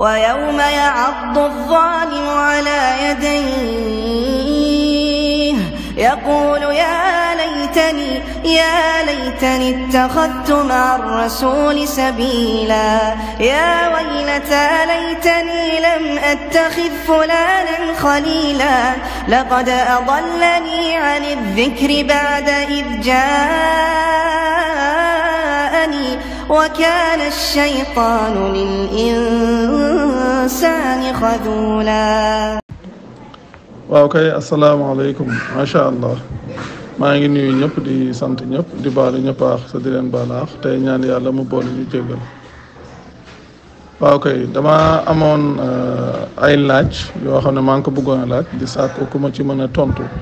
ويوم يعض الظالم على يديه يقول يا ليتني يا ليتني اتخذت مع الرسول سبيلا يا ويلتى ليتني لم اتخذ فلانا خليلا لقد اضلني عن الذكر بعد اذ جاء وكان الشيطان للإنسان خذولا waaw kay macha allah maa ngi nuyu ñépp di sant ñëpp di baalu ñëpp sa di leen baal aax tey ñaan yàlla mu boole ñu jéggal waaw kay dama amoon euh, ay laaj yoo xam ne maa ngi ko buggoon a laaj di sàkku ma ci mën a tontu euh,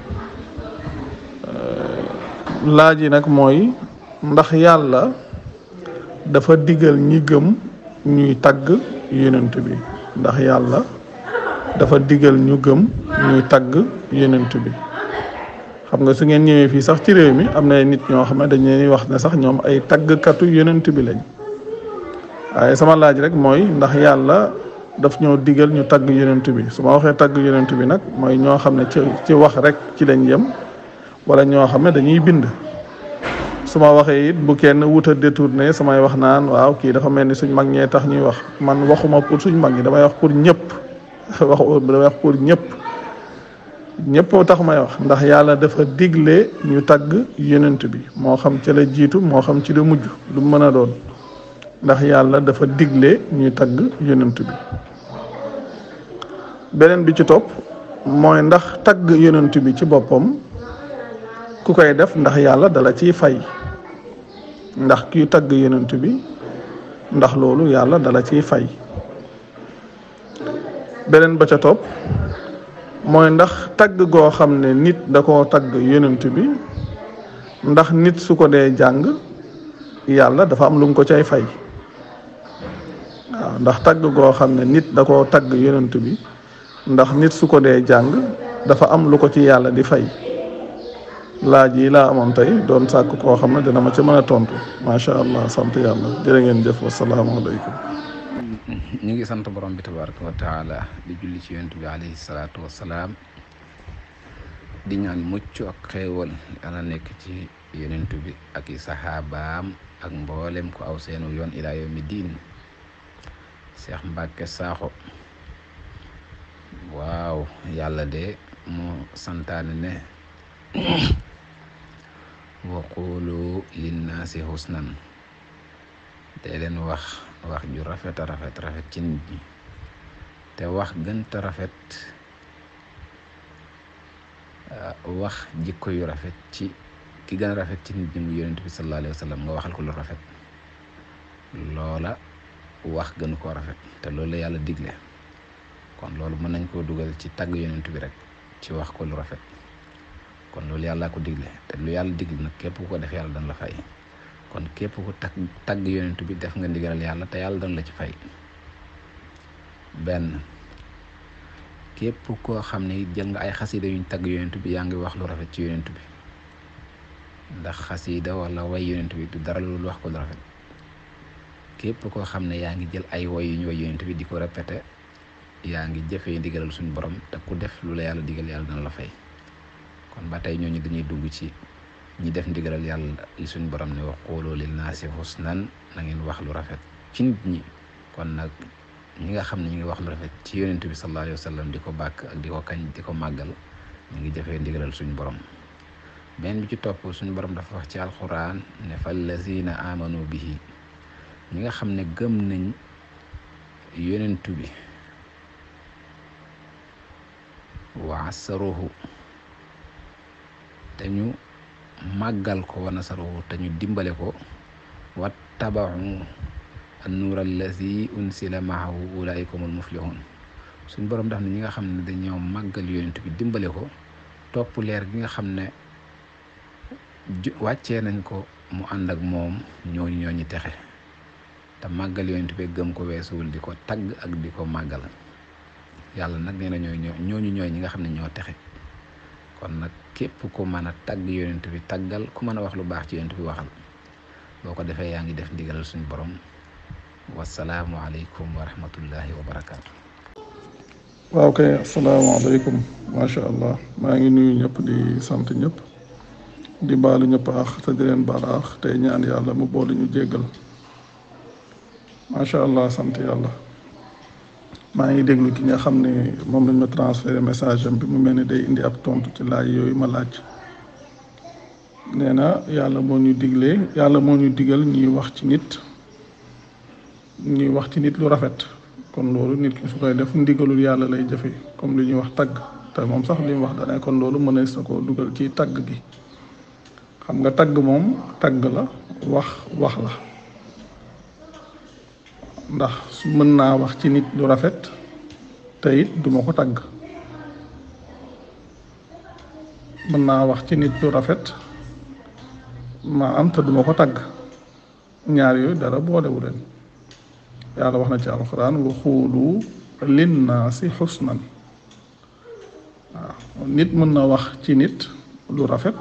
laaj yi nag mooy ndax yàlla dafa digal ñi gëm ñuy tagg yonent bi ndax yàlla dafa digal ñu gëm ñuy tagg yeneentu bi xam nga su ngeen ñëwee fii sax ci réew mi am na nit ñoo xam ne dañ wax ne sax ñoom ay taggkatu yeneentu bi lañ waaye sama laaj rek mooy ndax yàlla daf ñoo digal ñu tagg yonent bi su ma waxee tagg yonent bi nag mooy ñoo xam ne ci ci wax rek ci lañ yem walla ñoo xam ne dañuy bind su ma waxee it bu kenn wut a détourné samay wax naan waaw kii dafa mel ni suñ mag ñee tax ñuy wax man waxuma pour suñ mag ñi damay wax pour ñëpp wax damay wax pour ñëpp ñëpp tax may wax ndax yàlla dafa digle ñu tagg yonent bi moo xam ci la jiitu moo xam ci la mujj lu mën a doon ndax yàlla dafa digle ñuy tagg yonent bi beneen bi ci topp mooy ndax tagg yonent bi ci boppam ku koy def ndax yàlla dala ciy fay ndax kii tagg yonent bi ndax loolu yàlla dala ciy fay beneen ba ca topp mooy ndax tagg goo xam ne nit da koo tagg yonent bi ndax nit su ko dee jàng yàlla dafa am lu mu ko cay fay waaw ndax tagg goo xam ne nit da koo tagg yenentu bi ndax nit su ko dee jàng dafa am lu ko ci yàlla di fay laaj yi laa amoon tey doon sàkk koo xam ne dina ma ci mën a tontu macha allah sant yàlla jërë ngeen jëf wasalaamaaleykum. ñu ngi sant borom bi tabaraka wa di julli ci yonent bi alayhi salaatu wasalaam di mucc ak nekk ci yonent ak i saxaabaam ak mboolem ko aw seenu yoon ilaa yawmi diin Cheikh Mbacke Sakho waaw yàlla de mu santaane ne wa qulu nasi husnan te len wax wax ju rafet rafet rafet ci nit ñi te eh, wax ta rafet wax jikko yu rafet ci ki gën rafet ci nit ñi mu bi sallallahu alayhi wasallam nga waxal ko lu rafet loola wax gën ko rafet te loolu yàlla digle kon loolu mën nañ ko dugal ci tagg yonent bi rek ci wax ko lu rafet kon loolu yàlla ko digle te lu yàlla digle nag képp ku ko def yàlla dana la fay kon képp ku tag tagg yonent bi def nga ndigalal yàlla te yàlla dana la ci fay benn képp koo xam ne it jël nga ay xasida yuñ tagg yonent bi yaa ngi wax lu rafet ci yonent bi ndax xasida wala way yonent bi du dara lu wax ko lu rafet képp koo xam ne yaa ngi jël ay way yu ñu way yonent bi di ko répété yaa ngi jëfee ndigalal suñu borom te ku def lu la yàlla digal yàlla dana la fay kon ba tey ñooñu dañuy dugg ci ñi def ndigalal yàlla li suñ borom ne wax xooloo lil naasi husnan na ngeen wax lu rafet ci nit ñi kon nag ñi nga xam ne ñu ngi wax lu rafet ci yonent bi sallallahu alayhi wa di ko bàkk ak di ko kañ di ko màggal ñu ngi jëfee ndigalal suñ borom benn bi ci topp suñ borom dafa wax ci alquran ne fallazina amanu bihi ñi nga xam ne gëm nañ yonentu bi wa asaruhu te ñu màggal ko wa nasaruhu te ñu dimbale ko wat tabaxu annuur allazi unsila maahu ulaayka humul muflihun suñ borom daf ne ñi nga xam ne dañoo màggal yonent bi dimbale ko topp leer gi nga xam ne wàccee nañ ko mu ànd ak moom ñooñu ñooñu texe te màggal yonent bi gëm ko weesuwul di ko tagg ak di ko màggal yàlla nag nee na ñooñu ñooñu ñooy ñi nga xam ne ñoo texe kon nag képp ku mën a tagg yonent bi taggal ku mën a wax lu baax ci yonent bi waxal boo ko defee yaa ngi def ndigalal suñu borom wasalaamu alaykum wa rahmatullahi wa barakaatu. waaw kay asalaamaaleykum macha allah maa ngi nuyu ñëpp di sant ñëpp di baalu ñëpp aax te di leen baal aax tey ñaan yàlla mu boole ñu jéggal macha allah sant yàlla. maa ngi déglu ki nga xam ne moom lañ ma transféré message am bi mu mel ni day indi ab tontu ci laaj yooyu ma laaj nee na yàlla moo ñu diglee yàlla moo ñu digal ñuy wax ci nit ñuy wax ci nit lu rafet kon loolu nit ki su koy def ndigalul yàlla lay jëfe comme lu ñuy wax tagg te moom sax li mu wax dane kon loolu mën na ko dugal ci tagg gi xam nga tagg moom tagg la wax wax la ndax mën naa wax ci nit lu rafet te it ma ko tàgg mën naa wax ci nit lu rafet ma am te ma ko tàgg ñaar yooyu dara wu leen yàlla wax na ci alquran wa xuulu linnaasi xusnan waaw nit mën na wax ci nit lu rafet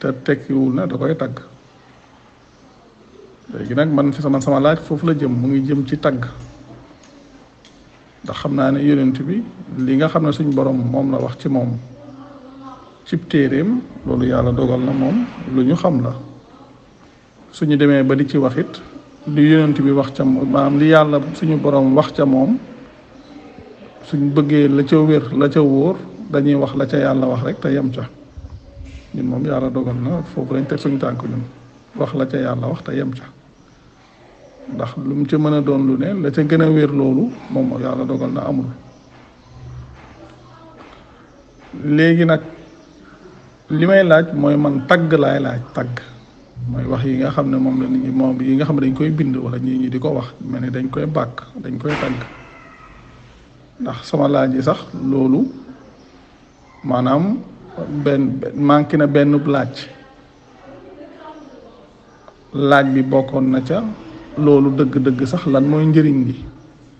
te tekkiwul na da koy tàgg léegi nag man fi sama sama laaj foofu la jëm mu ngi jëm ci tagg ndax xam naa ne yonent bi li nga xam ne suñ borom moom la wax ci moom cib téeréem loolu yàlla dogal na moom lu ñu xam la suñu demee ba di ci wax it li yonent bi wax ca maanaam li yàlla suñu boroom wax ca moom suñ bëggee la ca wér la ca wóor dañuy wax la ca yàlla wax rek te yem ca ñun moom yàlla dogal na foofu lañ teg suñu tànk ñun wax la ca yàlla wax te yem ca ndax lu mu ci mën a doon lu ne la ca gën a wér loolu moom yàlla dogal na amul léegi nag li may laaj mooy man tagg laay laaj tagg mooy wax yi nga xam ne moom la nit ñi moom yi nga xam ne dañ koy bind wala ñii ñi di ko wax mel ni dañ koy bàkk dañ koy tagg ndax sama laaj yi sax loolu maanaam benn manqué na benn laaj laaj bi bokkoon na ca loolu dëgg-dëgg sax lan mooy njëriñ li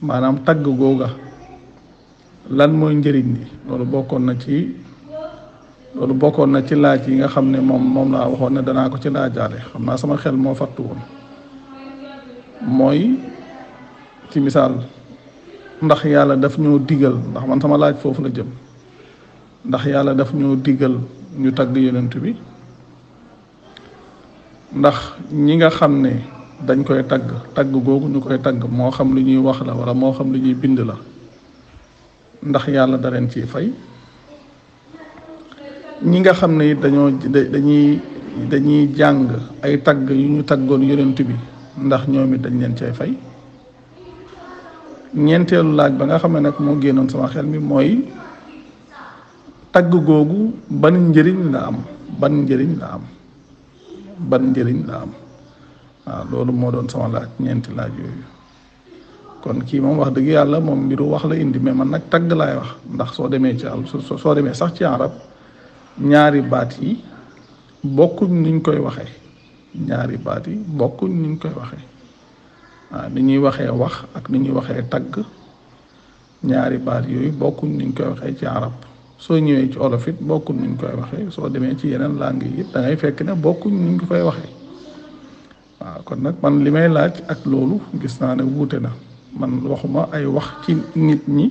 maanaam tagg googa lan mooy njëriñ li loolu bokkoon na ci loolu bokkoon na ci laaj yi nga xam ne moom moom laa waxoon ne danaa ko ci laajaale xam naa sama xel moo fattu woon mooy ci misaal ndax yàlla daf ñoo diggal ndax man sama laaj foofu la jëm ndax yàlla daf ñoo diggal ñu tagg yonent bi ndax ñi nga xam ne dañ koy tagg tagg googu ñu koy tagg moo xam lu ñuy wax la wala moo xam lu ñuy bind la ndax yàlla da leen ciy fay ñi nga xam ne dañoo dañuy dañuy jàng ay tagg yu ñu taggoon yonent bi ndax ñoom it dañ leen cee fay ñeenteelu laaj ba nga xam ne nag moo génnoon sama xel mi mooy tagg googu ban njëriñ la am ban njëriñ la am ban njëriñ la am waaw loolu moo doon sama laaj ñeenti laaj yooyu kon kii moom wax dëgg yàlla moom mbiru wax la indi mais man nag tagg laay wax ndax soo demee ci al soo demee sax ci arab ñaari baat yi bokkuñ niñ koy waxee ñaari baat yi bokkuñ niñ koy waxee waaw ni ñuy wax ak ni ñuy waxee tagg ñaari baat yooyu bokkuñ niñ koy waxee ci arab soo ñëwee ci olofit bokkuñ niñ koy waxee soo demee ci yeneen langue yi it da ngay fekk ne bokkuñ niñ koy waxee waaw kon nag man li may laaj ak loolu gis naa ne wuute na man waxuma ay wax ci nit ñi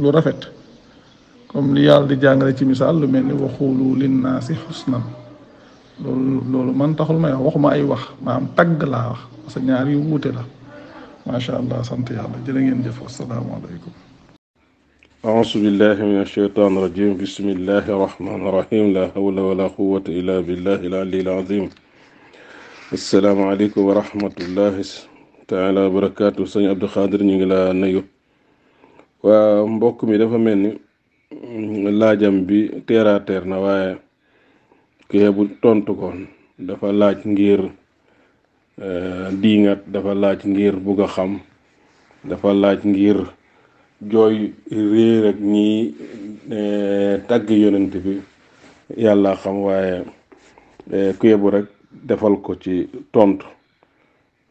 lu rafet comme lu yàlla di jàngale ci misaal lu mel ni waxulu linnaasi xusnan loolu loolu man taxul may wax waxuma ay wax maam tagg laa wax parce que ñaar wuute la macha allah sant yàlla jërë ngeen jëf asalaamaaleykum auzu wax min asheytaan rajim bismillahi rahmaani rahim la hawla wala quwata illa billahi al aliyyil azim asalaamaaleykum wa rahmatullahi taala wa barakaatu sëñ Abdou ñu ngi la nuyu waa mbokk mi dafa mel ni mm, laajam bi terre à na waaye kee bu tontu ko dafa laaj ngir eh, diingat dafa laaj ngir bugg xam dafa laaj ngir jooy réer ak ñi eh, tagg yonent bi yàlla xam waaye eh, kee bu rek. defal ko ci tontu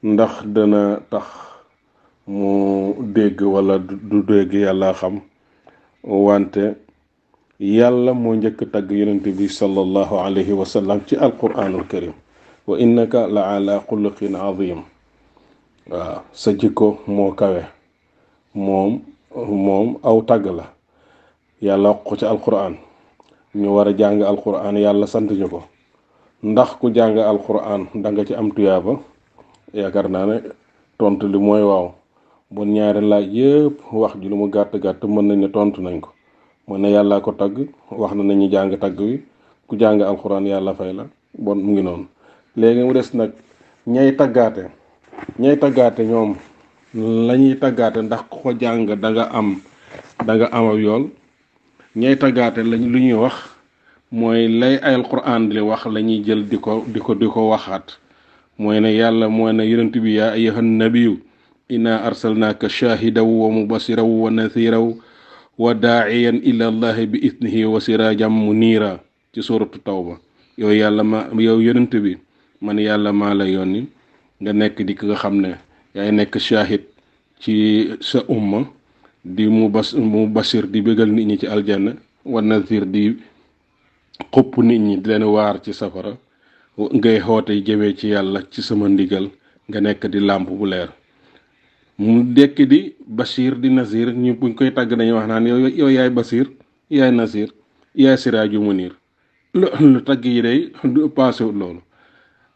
ndax dana tax mu dégg wala du dégg yàlla xam wante yàlla moo njëkk tagg yonent bi sallallahu alayhi wa sallam ci alquranul karim wa innaka la ala xuluqin azim waaw sa kawe moom aw tagg la yàlla wax ci alquran ñu war a jàng alquran yàlla sant ñu ko ndax ku jàng alquran da nga ci am tuyaaba yaakaar naa ne tontu li mooy waaw bu ñaari laaj yépp wax ji lu mu gàtt gàtt mën nañ ne tontu nañ ko mën ne yàlla ko tagg wax na nañu jàng tagg wi ku jàng alquran yàlla fay la bon mu ngi noonu léegi mu des nag ñay tàggaate ñay tàggaate ñoom lañuy tàggaate ndax ko jàng da nga am da nga am yool ñay tàggaate lañ lu ñuy wax mooy lay ayal quran di wax la ñuy jël di ko di ko di ko waxaat mooy ne yàlla mooy ne yonent bi yaa ayyuhan nabiyu inna arsalnaaka shaahidaw wa mubasiraw wa nathiraw wa daaciyan ila allahi bi idnihi wa siraajan niira ci suuratu tawba yow yàlla ma yow yonent bi man yàlla maa la yónni nga nekk di ki nga xam ne yaay nekk shaahid ci sa umma di mu bas mu basir di bëggal nit ñi ci aljanna wa nathir di xupp nit ñi di leen waar ci safara ngay xoote jëmee ci yàlla ci sama ndigal nga nekk di làmp bu leer mu dekk di bashir di Nasir ñu buñ koy tàgg dañuy wax naan yow yow yaay Bachir yaay Nasir yaay Siraaju Munir lu tagg yi day du paasewut loolu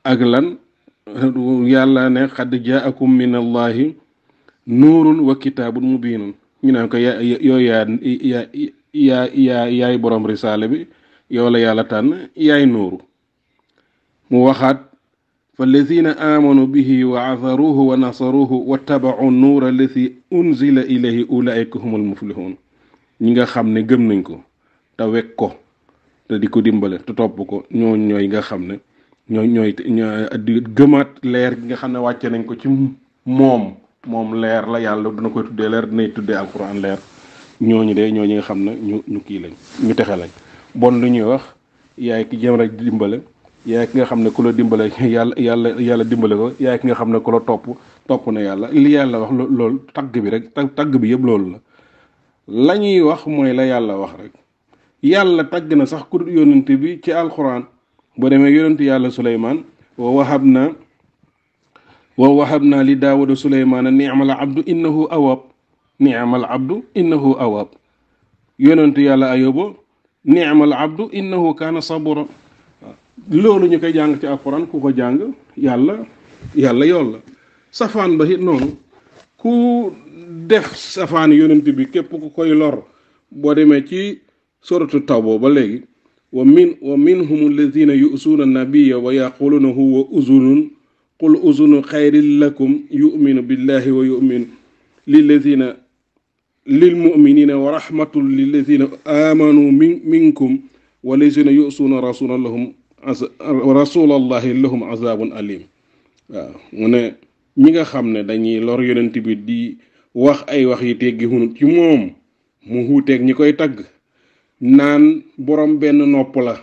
ak lan yàlla ne xad jaakum min allahi nuurun wa kitaabun mubiinun ñu ne ko yaa yaay borom risaale bi yow la yàlla tànn yaay nuuru mu waxaat فالذين آمنوا به وعذروه ونصروه واتبعوا النور الذي أنزل إليه أولئك هم المفلحون ñi xamne gëm nañ ko ta wek ko te di ko dimbale te topp ko ñoo ñooy nga xam ne ñooy ñooy di gëmaat leer gi nga xam ne wàcce nañ ko ci moom moom leer la yàlla dina koy tuddee leer dinay tuddee alquran leer ñooñu de ñoo ñi nga xam ne ñu ñu kii lañ ñu texe lañ bon lu ñuy wax yaay ki jëm rek dimbale yaay ki nga xam ne ku la dimbale yàlla yàlla dimbale ko yaay ki nga xam ne ku topp topp na yàlla li yàlla wax lool tagg bi rek tagg bi yépp loolu la lañuy wax mooy la yàlla wax rek yàlla tagg na sax ku yónnante bi ci alxuraan boo demee yónnante yàlla suleymaan wa wahab na wa wahab naa li daawuda suleymaana niamal abdu innahu awab niamal abdu innahu awab yónnante yàlla ayobo نعم العبد إنه كان صبورا لولو نيكا جانغ تي القران كوكو جانغ يالا يالا يولا سفان به نون كو ديف سفان يونتي بي كيب كوكاي لور بو ديمي تي سوره التوبه با ومن ومنهم الذين يؤذون النبي ويقولون هو اذن قل اذن خير لكم يؤمن بالله ويؤمن للذين للمؤمنين ورحمة للذين آمنوا من منكم والذين يؤسون رسول الله رسول الله لهم عذاب أليم من ميغا خامن داني لور يونتبي دي اي واخ يتيغي هون تي موم مو هوتك نيكاي نان بوروم بن نوبلا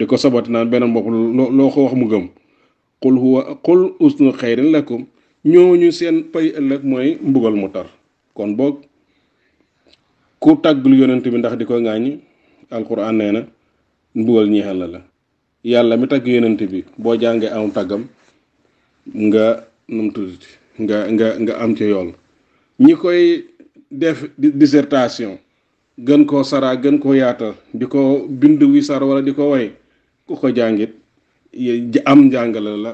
ديكو سبات نان بن مبو لو خو واخ قل هو قل اسن خير لكم ньоñu sen pay elek moy mbugal mu tar kon bok ku taglu yonent bi ndax diko ko alquran neena na mbugal ñeexal la la yàlla mi tag yonent bi bo jange am tagam nga num tudit nga nga nga am ci yoll ñi koy def dissertation gën ko sara gën ko yaatal diko bindu wi sar wala diko way ku ko jangit am njàngale la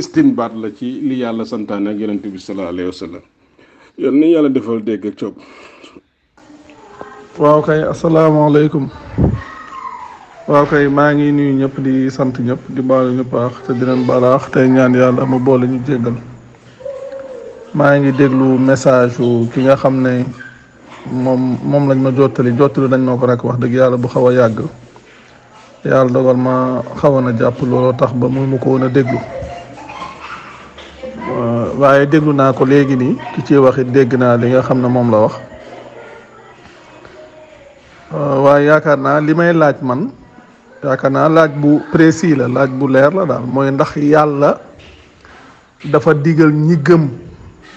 istinbat la ci li yalla santane ak yonent bi sallallahu alayhi wasallam yal nañu yàlla defal dégg ak coob waaw kay asalaamaaleykum waaw kay maa ngi nuyu ñëpp di sant ñëpp di baalu ñu paax te balaax tey ñaan yàlla mu boole ñu jéggal maa ngi déglu message yu ki nga xam ne moom moom lañ ma jottali jottali nañ ma ko rek wax dëgg yàlla bu xaw a yàgg yàlla dogal ma xawoon a jàpp looloo tax ba mu ma ko woon a déglu waaye déglu naa ko léegi nii ki ci waxit dégg naa li nga xam ne moom la wax euh, waaye yaakaar naa li may laaj man yaakaar naa laaj bu précis la laaj bu leer la daal mooy ndax yàlla dafa digal ñi gëm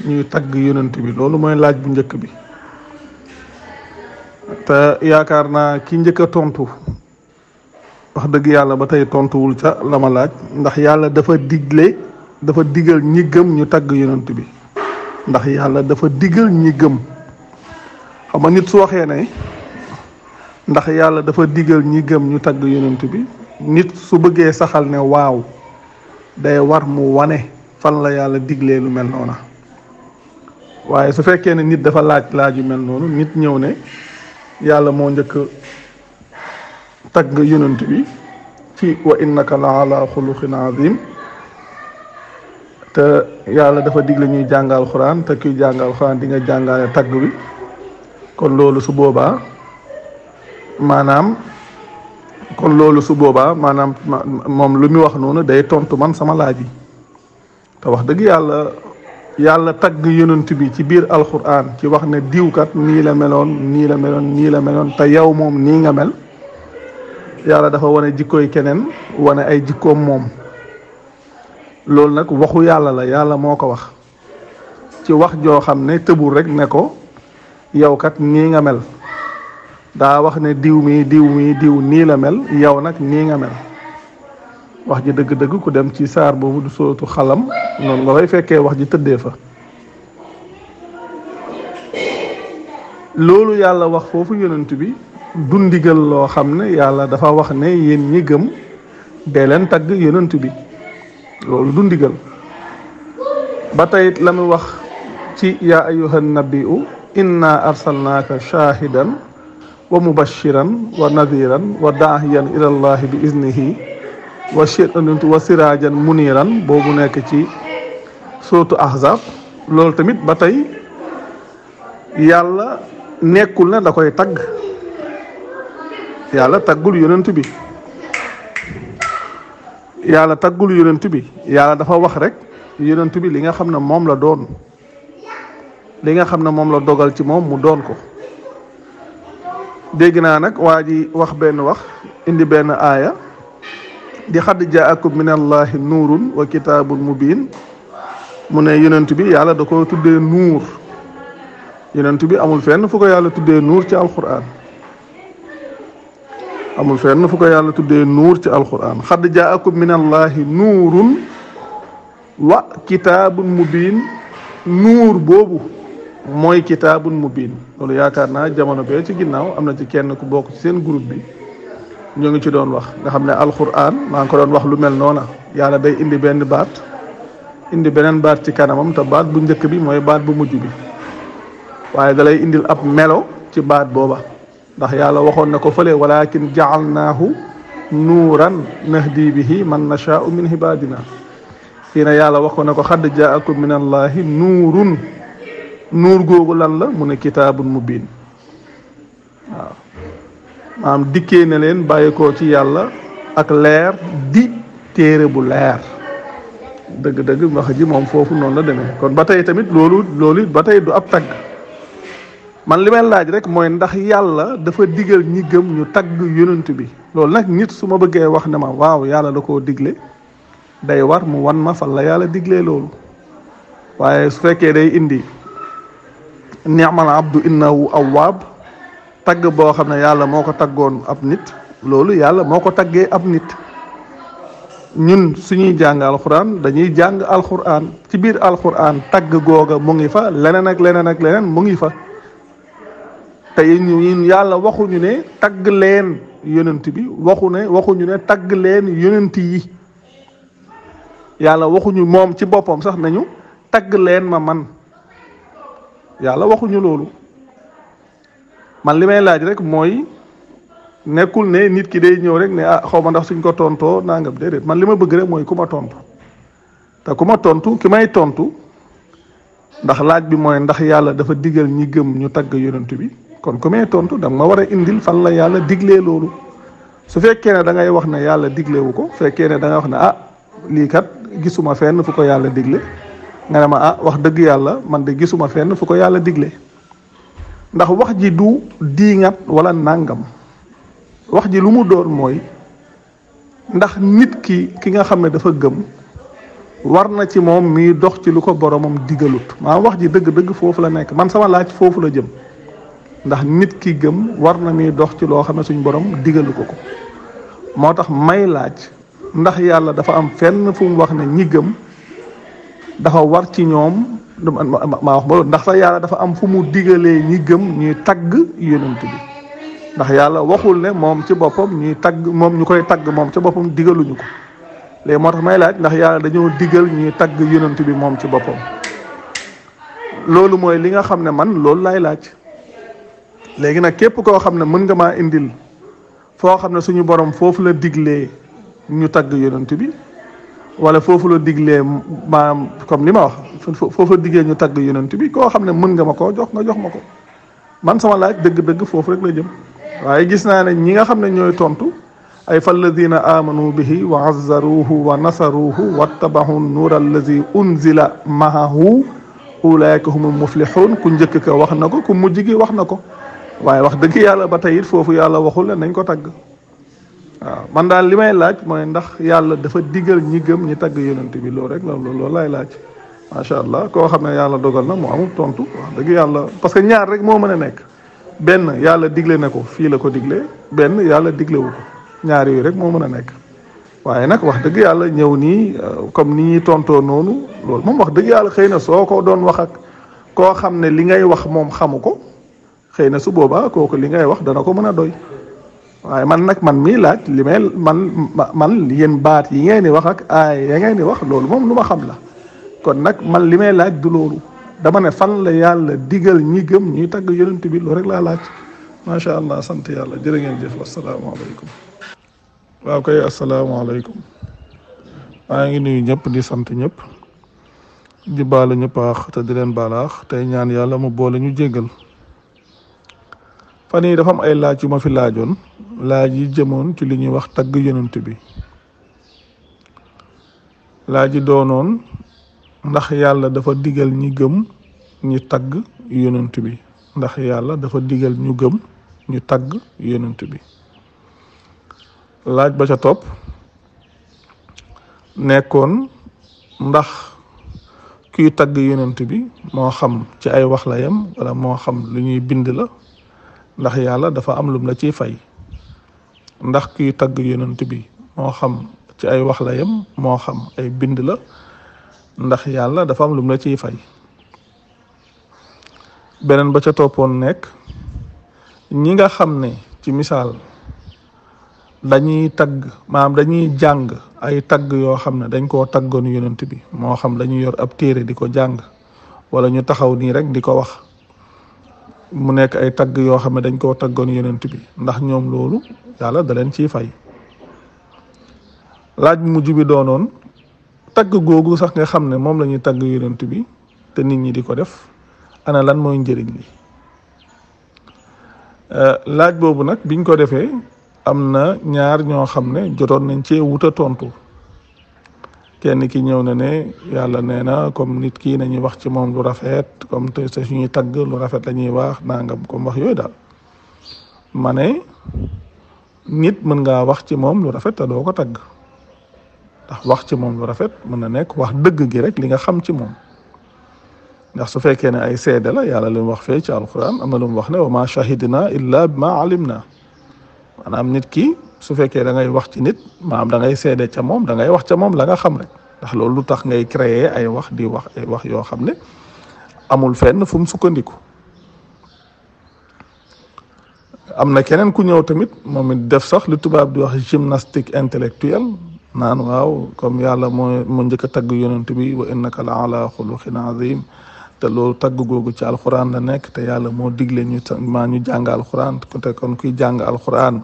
ñuy tagg yonent bi loolu mooy laaj bu njëkk bi te yaakaar naa ki njëkk a tontu wax dëgg yàlla ba tey tontuwul ca la ma laaj ndax yàlla dafa digle dafa digal ñi gëm ñu tagg yonent bi ndax yàlla dafa digal ñi gëm xam nit su waxee ne ndax yàlla dafa digal ñi gëm ñu tagg yonent bi nit su bëggee saxal ne waaw day war mu wane fan la yàlla diglee lu mel noona waaye su fekkee ne nit dafa laaj laaj yu mel noonu nit ñëw ne yàlla moo njëkk tagg yonent bi ci wa innaka la ala xuluqin azim te yàlla dafa digle ñuy jàng alxuraan te kuy jàng alxuraan di nga jàngale tagg bi kon loolu su boobaa maanaam kon loolu su boobaa maanaam moom lu mu wax noonu day tontu man sama laaj yi te wax dëgg yàlla yàlla tagg yonent bi ci biir alxuraan ci wax ne diwkat nii la meloon nii la meloon nii la meloon te yow moom nii nga mel yàlla dafa wane jikkooy keneen wane ay jikkoom moom loolu nag waxu yàlla la yàlla moo ko wax ci wax joo xam ne tëbul rek ne ko yow kat nii nga mel daa wax ne diw mii diw mii diw nii la mel yow nag nii nga mel wax ji dëgg-dëgg ku dem ci saar boobu du sootu xalam noonu nga fay fekkee wax ji tëddee fa loolu yàlla wax foofu yonent bi du ndigal loo xam ne yàlla dafa wax ne yéen ñi gëm dee leen tagg yonent bi loolu du ndigal tey it la mu wax ci yaa ayuha nabiu inna arsalnaaka shaahidan wa mubashiran wa nadiran wa daahiyan ila llahi bi iznihi wa siraajan muniran boobu nekk ci sootu ahzab loolu tamit ba tey yàlla nekkul la da koy tagg yàlla taggul yonent bi yàlla taggul yonent bi yàlla dafa wax rek yonent bi li nga xam ne moom la doon li nga xam ne moom la dogal ci moom mu doon ko dégg naa nag waa ji wax benn wax indi benn aaya di xadd jaakum min allahi nuurun wa kitaabun mubiin mu ne yonent bi yàlla da ko tuddee nuur yonent bi amul fenn fu ko yàlla tuddee nuur ci alquran amul fenn fu ko yàlla tuddee nuur ci alquran xad jaakum min allahi nuurun wa kitaabun mubiin nuur boobu mooy kitaabun mubiin loolu yaakaar naa jamono bee ci ginnaaw am na ci kenn ku bokk ci seen groupe bi ñu ngi ci doon wax nga xam ne alquran maa ngi ko doon wax lu mel noona yàlla day indi benn baat indi beneen baat ci kanamam te baat bu njëkk bi mooy baat bu mujj bi waaye dalay indil ab melo ci baat booba ndax yàlla waxoon na ko fële walakin jaalnaahu nuuran nahdi bihi man nashaau min ibadina fii na yàlla waxoon na ko xadd jaakum min allahi nuurun nuur googu lan la mu ne kitaabun mubin waaw maanaam dikkee na leen bàyyikoo ci yàlla ak leer di téere bu leer dëgg-dëgg wax ji moom foofu noonu la demee kon ba tey tamit loolu loolu ba tey du ab tagg man li may laaj rek mooy ndax yàlla dafa digal ñi gëm ñu tagg yonent bi loolu nag nit su ma bëggee wax ne ma waaw yàlla da koo digle day war mu wan ma fan la yàlla diglee loolu waaye su fekkee day indi ni'mal abdu innahu awwaab tagg boo xam ne yàlla moo ko taggoon ab nit loolu yàlla moo ko taggee ab nit ñun suñuy jàng alxuraan dañuy jàng alxuraan ci biir alxuraan tagg googa mu ngi fa leneen ak leneen ak leneen mu ngi fa te ñun yàlla waxuñu ne tagg leen yonent bi waxu ne waxuñu ne tagg leen yonent yi yàlla waxuñu moom ci boppam sax nañu tagg leen ma man yàlla waxuñu loolu man li may laaj rek mooy nekkul ne nit ki day ñëw rek ne ah xaw ma ndax suñ ko tontoo nangam déedéet man li ma bëgg rek mooy ku ma tontu te ku ma tontu ki may tontu ndax laaj bi mooy ndax yàlla dafa digal ñi gëm ñu tagg yonent bi kon ku may tontu da ma war a indil fan la yàlla diglee loolu su fekkee ne da ngay wax ne yàlla diglewu ko fekkee ne dangay wax ne ah lii kat gisuma fenn fu ko yàlla digle nga ne ma ah wax dëgg yàlla man de gisuma fenn fu yàlla digle ndax wax ji du diingat wala nàngam wax ji lu mu doon mooy ndax nit ki ki nga xam ne dafa gëm war na ci moom mii dox ci lu ko boromam digalut maanaam wax ji dëgg-dëgg foofu la nekk man sama laaj foofu la jëm ndax nit ki gëm war na muy dox ci loo xam ne suñ borom digalu ko ko moo tax may laaj ndax yàlla dafa am fenn fu mu wax ne ñi gëm dafa war ci ñoom maa wax ba yàlla dafa am fu mu digalee ñi gëm ñuy tagg yonent yàlla waxul ne moom ci boppam ñuy tagg moom ñu koy tagg moom ci boppam digaluñu ko léegi moo tax may laaj ndax yàlla dañoo digal ñuy tagg yonent bi moom ci boppam loolu mooy li nga xam ne man loolu laay laaj léegi nag képp koo xam ne mën nga maa indil foo xam ne suñu borom foofu la diglee ñu tagg yonent bi wala foofu la diglee maanaam comme li ma wax foofu la diglee ñu tagg yonent bi koo xam ne mën nga ma ko jox nga jox ma ko man sama laaj dëgg-dëgg foofu rek la jëm waaye gis naa ne ñi nga xam ne ñooy tontu ay fa alladina amanu bihi wa azzaruhu wa nasaruhu wattabahu nuur allazi unzila mahahu ulaika humul muflihun ku njëkk ka wax na ko ku mu gi wax na ko waaye wax dëgg yàlla ba tey it foofu yàlla waxul ne nañ ko tagg waaw man daal li may laaj mooy ndax yàlla dafa digal ñi gëm ñi tagg yonent bi loolu rek la loolu laay laaj macha allah koo xam ne yàlla dogal na mu amul tontu wax dëgg yàlla parce que ñaar rek moo mën a nekk benn yàlla digle na ko fii la ko digle benn yàlla diglewu ko ñaar yooyu rek moo mën a nekk. waaye nag wax dëgg yàlla ñëw nii euh, comme ni ñuy tontoo noonu lool moom wax dëgg yàlla xëy na soo ko doon wax ak koo xam ne li ngay wax moom xamu ko. xëy na su boobaa kooku li ngay wax dana ko mën a doy waaye man nag man mii laaj li may man man yéen baat yi ngeen di wax ak aay ya ngeen di wax loolu moom lu ma xam la kon nag man li may laaj du loolu dama ne fan la yàlla digal ñi gëm ñuy tagg yonent bi loolu rek laa laaj macha allah sant yàlla jërë ngeen jëf asalaamaaleykum. waaw kay asalaamaaleykum maa ngi nuyu ñëpp di sant ñëpp di baalu ñëpp te di leen baalaax tey ñaan yàlla mu boole ñu jéggal. fan yii dafa am ay laaj yu ma fi laajoon laaj yi jëmoon ci lu ñuy wax tagg yonent bi laaj yi doonoon ndax yàlla dafa digal ñi gëm ñu tagg yonent bi ndax yàlla dafa digal ñu gëm ñu tagg yonent bi laaj ba ca topp nekkoon ndax kuy tagg yonent bi moo xam ci ay wax la yam wala moo xam lu ñuy bind la ndax yàlla dafa am lum la ciy fay ndax kuy tagg yonent moo xam ci ay wax la yem moo xam ay bind la ndax yàlla dafa am lum la ciy fay beneen ba ca toppoon nekk ñi nga xam ne ci misaal dañuy tagg maanaam dañuy jàng ay tagg yoo xam ne dañ koo taggoon yonent bi moo xam dañuy yor ab téere di ko jàng wala ñu taxaw nii rek di ko wax mu nekk ay tagg yoo xam ne dañ koo taggoon yonent bi ndax ñoom loolu yàlla da leen ciy fay laaj mu mujj bi doonoon tagg googu sax nga xam ne moom la ñuy tagg yonent bi te nit ñi di ko def ana lan mooy njëriñ li euh, laaj boobu nag biñ ko defee am na ñaar ñoo xam ne jotoon nañ cee wuta tontu kenn ki ñëw na ne yàlla nee na comme nit kii nañuy wax ci moom lu rafet comme te suñuy tagg lu rafet la ñuy wax nangam comme wax yooyu daal ma ne nit mën ngaa wax ci moom lu rafet te doo ko tagg ndax wax ci moom lu rafet mën na nekk wax dëgg gi rek li nga xam ci moom ndax su fekkee ne ay seede la yàlla lu wax fee ci alquran am na lu wax ne wa ma shahidna illa bima alimna maanaam nit ki su fekkee da ngay wax ci nit maam dangay ngay seede ca moom da ngay wax ca moom la nga xam rek ndax loolu lu tax ngay créer ay wax di wax ay wax yoo xam ne amul fenn fum sukkandiku am na keneen ku ñëw tamit moom it def sax lu tubaab di wax gymnastique intellectuelle naan waaw comme yàlla moo mu njëkk a tagg yonent bi wa innaka la ala xuluqin te loolu tagg googu ci alxuraan la nekk te yàlla moo digle ñu maa ñu jàng alxuraan te kon kuy jàng alxuraan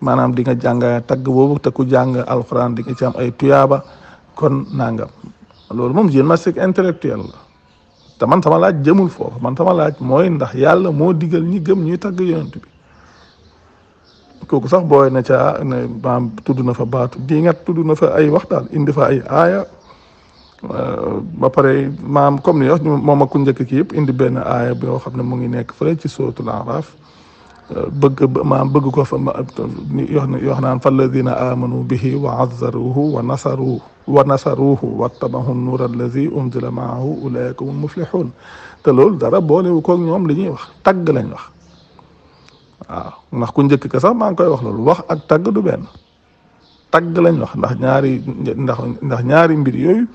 maanaam di nga jàng tagg boobu te ku jàng alxuraan di nga ci am ay tuyaaba kon nangam loolu moom ji a sekk intellectuel la te man sama laaj jëmul foofu man sama laaj mooy ndax yàlla moo digal ñi gëm ñuy tagg yonent bi kooku sax booy na ca maam tudd na fa baatu di nga tudd na fa ay waxtaan indi fa ay aaya euh, ba pare maam comme ni wax moom ak ku njëkk ki yëpp indi benn aaya yoo xam ne mu ngi nekk fële ci sootul Araaf بق فالذين آمنوا به وعذروه ونصروه ونصروه واتبعوا النور الذي أنزل معه أولئك هم المفلحون تلول دا راه بولي وكوك نيوم لي ني واخ تاغ لا ني واخ واه ناخ كو نديك كسا ما نكاي واخ لول واخ اك تاغ دو بن تاغ لا ني واخ ناخ نياري ناخ ناخ نياري مبير يوي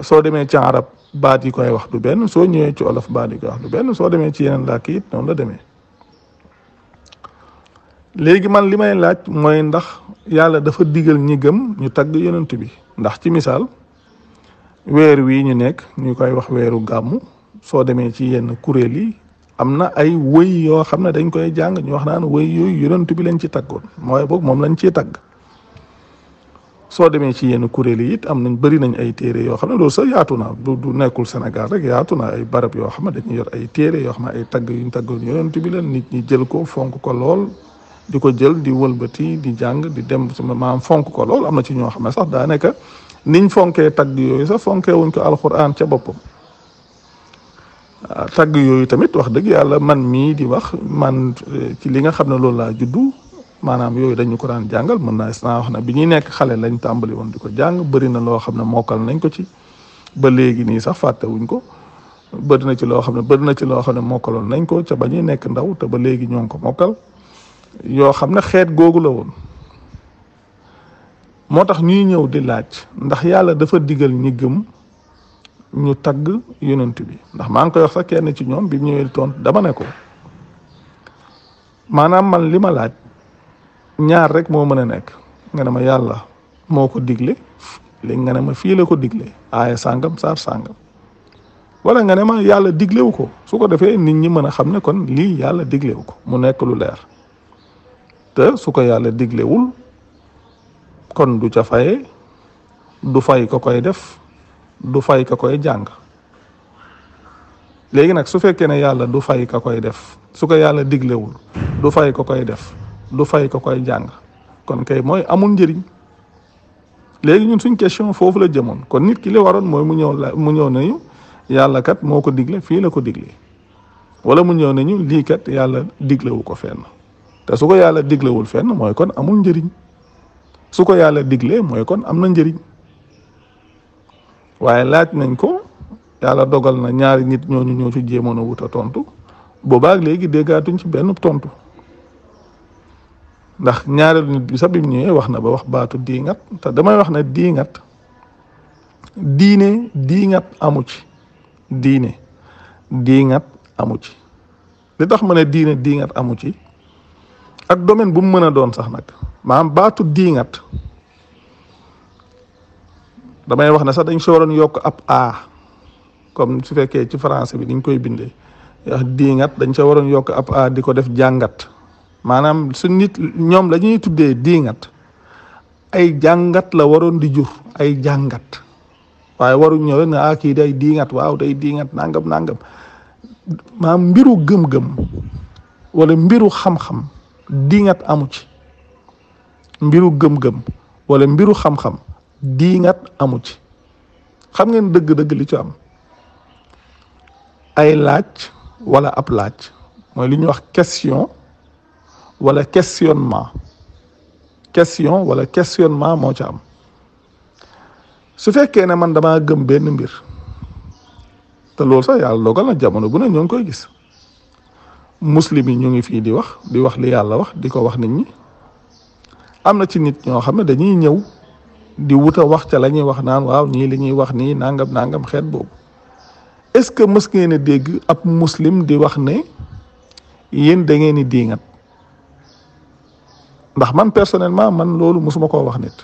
سو ديمي تي عرب بادي كوي واخ دو بن سو نيوي تي اولف بادي كوي واخ دو بن سو ديمي تي يينن لاكيت نون لا ديمي léegi man li may laaj mooy ndax yàlla dafa digal ñi gëm ñu tagg yonent bi ndax ci misaal weer wii ñu nekk ñu koy wax weeru gàmmu soo demee ci yenn kuréel yi am na ay wëy yoo xam ne dañ koy jàng ñu wax naan wëy yooyu yonent bi lañ ci taggoon mooy boog moom lañ ciy tagg soo demee ci yenn kuréel yi it am nañ bëri nañ ay téere yoo xam ne loolu sax yaatu na du du nekkul Sénégal rek yaatu na ay barab yoo xam ne dañuy yor ay téere yoo xam ne ay tagg yuñ taggoon yonent bi la nit ñi jël ko fonk ko lool di ko jël di wëlbati di jang di dem sama maam fonk ko loolu amna ci ño xam sax da naka niñ fonké tag yooyu sax fonké wuñ ko alquran ca boppam ah, tag yooyu tamit wax deug yalla man mi di wax man eh, ci li nga xam ne la juddu manam yooyu dañu ko daan jàngal mën naa naa wax na biñu nek xalé lañ tambali won di ko bari na lo xam mokal nañ ko ci ba léegi ni sax wuñ ko bëri na ci lo xam ne na ci lo xam mokalon nañ ko ca bañu nek ndaw te ba ñong ko mokal yoo xam ne xeet googu la woon moo tax ñuy ñëw di laaj ndax yàlla dafa diggal ñi gëm ñu tagg yonent bi ndax maa ngi koy wax sax kenn ci ñoom bi ñëwee tontu dama ne ko maanaam man li ma laaj ñaar rek moo mën a nekk nga ne ma yàlla moo ko digle léegi nga ne ma fii la ko digle aaye sàngam saar sàngam wala nga ne ma yàlla diglewu ko su ko defee nit ñi mën a xam ne kon lii yàlla diglewu ko mu nekk lu leer te su ko yàlla diglewul kon du ca faye du fay ko koy def du fay ko koy jàng léegi nag su fekkee ne yàlla du fay ko koy def su ko yàlla diglewul du fay ko koy def du fay ko koy jàng kon kay mooy amul njariñ léegi ñun suñ question foofu la jëmoon kon nit ki li waroon mooy mu ñëw mu ñëw nañu yàlla kat moo ko digle fii la ko digle wala mu ñëw nañu lii yàlla diglewu ko fenn te su ko yàlla diglewul fenn mooy kon amul njëriñ su ko yàlla diglee mooy kon am na njëriñ waaye laaj nañ ko yàlla dogal na ñaari nit ñooñu ñoo ci jéemoon a wut tontu boobaag léegi déggaatuñ ci benn tontu ndax ñaareelu nit bi sax ñëwee wax na ba wax baatu diingat te damay wax ne diingat diine diingat amu ci diine diingat amu ci li tax ma ne diine diingat amu ci. ak domaine bu mu mën a doon sax nag maanaam baatu diingat damay wax ne sax dañ si waroon yokk ab a comme su fekkee ci français bi diñ koy bindee wax dañ sa waroon yokk ab aa di ko def jàngat maanaam su nit ñoom la tuddee diingat ay jàngat la waroon di jur ay jàngat waaye waruñ ñëw ne ah kii day diingat waaw day diingat nangam nangam maanaam mbiru gëm-gëm wala mbiru xam-xam. diingat amu ci mbiru gëm-gëm wala mbiru xam-xam diingat amu ci xam ngeen dëgg-dëgg li ci am ay laaj wala ab laaj mooy li ñuy wax question walla questionnement question wala questionnement moo ci am su fekkee ne man dama gëm benn mbir te loolu sax yàlla dogal na jamono bu ne ñoo ngi koy gis muslim yi ñu ngi fii di wax di wax li yàlla wax di ko wax nit ñi am na ci nit ñoo xam ne dañuy ñëw di wut a wax ca la ñuy wax naan waaw ñii li ñuy wax nii nàngam nàngam xeet boobu est-ce que mës ngeen a dégg ab muslim di wax ne yéen da ngeen di diingat ndax man personnellement man loolu mosuma koo wax nit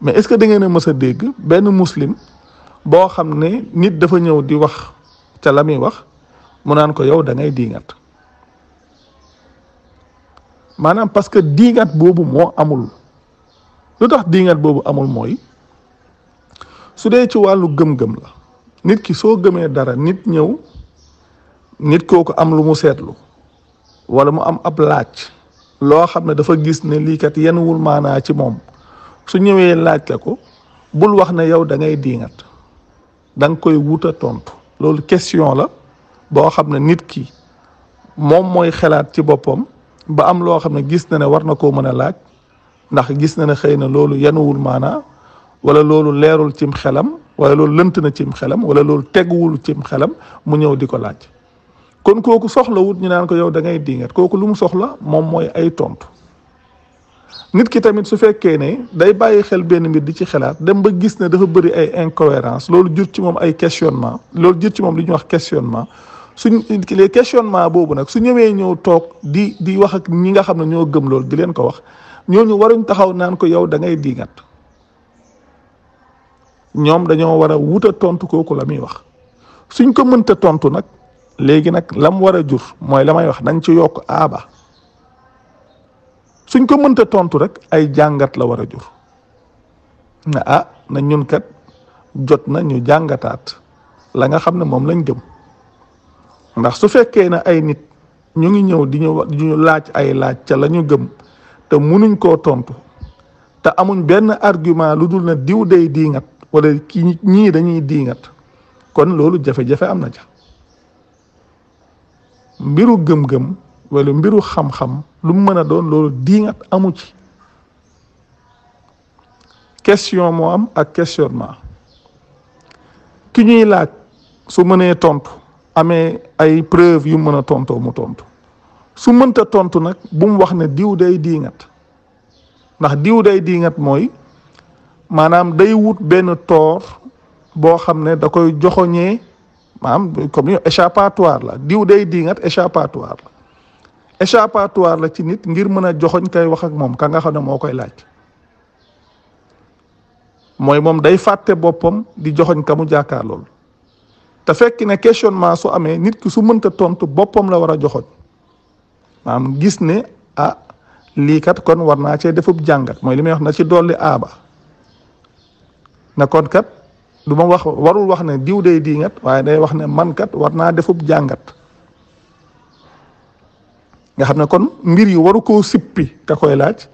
mais est-ce que da ngeen a mës a dégg benn muslim boo xam ne nit dafa ñëw di wax ca la muy wax. mu naan ko yow dangay ngay diingat maanaam parce que diingat boobu moo amul lu tax diingat boobu amul mooy su dee ci wàllu gëm-gëm la nit ki soo gëmee dara nit ñëw nit kooku am lu mu seetlu wala mu am ab laaj loo xam ne dafa gis ne liikat kat yenuwul maanaa ci moom su ñëwee laaj la ko bul wax ne yow da ngay diingat da koy wut tontu loolu question la bo xamne nit ki mom moy xelat ci bopom ba am lo xamne gis na ne war na koo mën laaj ndax gis na ne xeyna lolu yanuul mana wala lolu leerul cim xelam wala lolu leunt na cim xelam wala lolu teggul cim xelam mu ñëw diko laaj kon koku soxla wut ñu naan ko yow da ngay dingat koku lu mu soxla mom moy ay tontu nit ki tamit su fekke ne day baye xel ben mbir di ci xelat dem ba gis ne dafa beuri ay incohérence lolu jur ci mom ay questionnement lolu jur ci mom li ñu wax questionnement suñ questionnement boobu nag su ñëwee ñëw toog di di wax ak nga xam ne ñoo gëm loolu di leen ko wax ñooñu waruñ taxaw naan ko yow da ngay diingat ñoom dañoo war a wuta tontu kooku la muy wax suñ ko mënta tontu nag léegi nag lam war a jur mooy la may wax nañ ci yokk aaba suñ ko mënta tontu rek ay jàngat la war a jur na ah na ñun jot na ñu jàngataat la nga xam ne moom lañ gëm ndax su fekkee na ay nit ñu ngi ñëw di ñu di laaj ay laaj ca la ñu gëm te mënuñ koo tontu te amuñ benn argument lu dul na diw day diingat wala ki ñii dañuy diingat kon loolu jafe-jafe am na ca mbiru gëm-gëm walla mbiru xam-xam lu mu mën a doon loolu diingat amu ci question moo am ak questionnement ki ñuy laaj su mënee tontu. amee ay preuve yu mën a tontoo mu tontu su mënta tontu nag bu wax ne diw day diingat ndax diw day diingat mooy maanaam day wut benn toor boo xam ne da koy joxoñee maanaam comme ni échappatoire la diw day diingat échappatoire la échappatoire la ci nit ngir mën a joxoñ kay wax ak moom ka nga xam ne moo koy laaj mooy moom day fàtte boppam di joxoñ ka mu jàkkaar loolu te fekk ne questionnement su amee nit ki su mënta tontu boppam la war a joxoñ maanaam gis ne a ah, lii kat kon war naa cee defub jàngat mooy li wax na ci dolli aaba na kon kat du ma wax warul wax ne diw day diingat waaye day wax ne man kat war naa defub jàngat nga xam ne kon mbir yi waru koo sippi ka koy laaj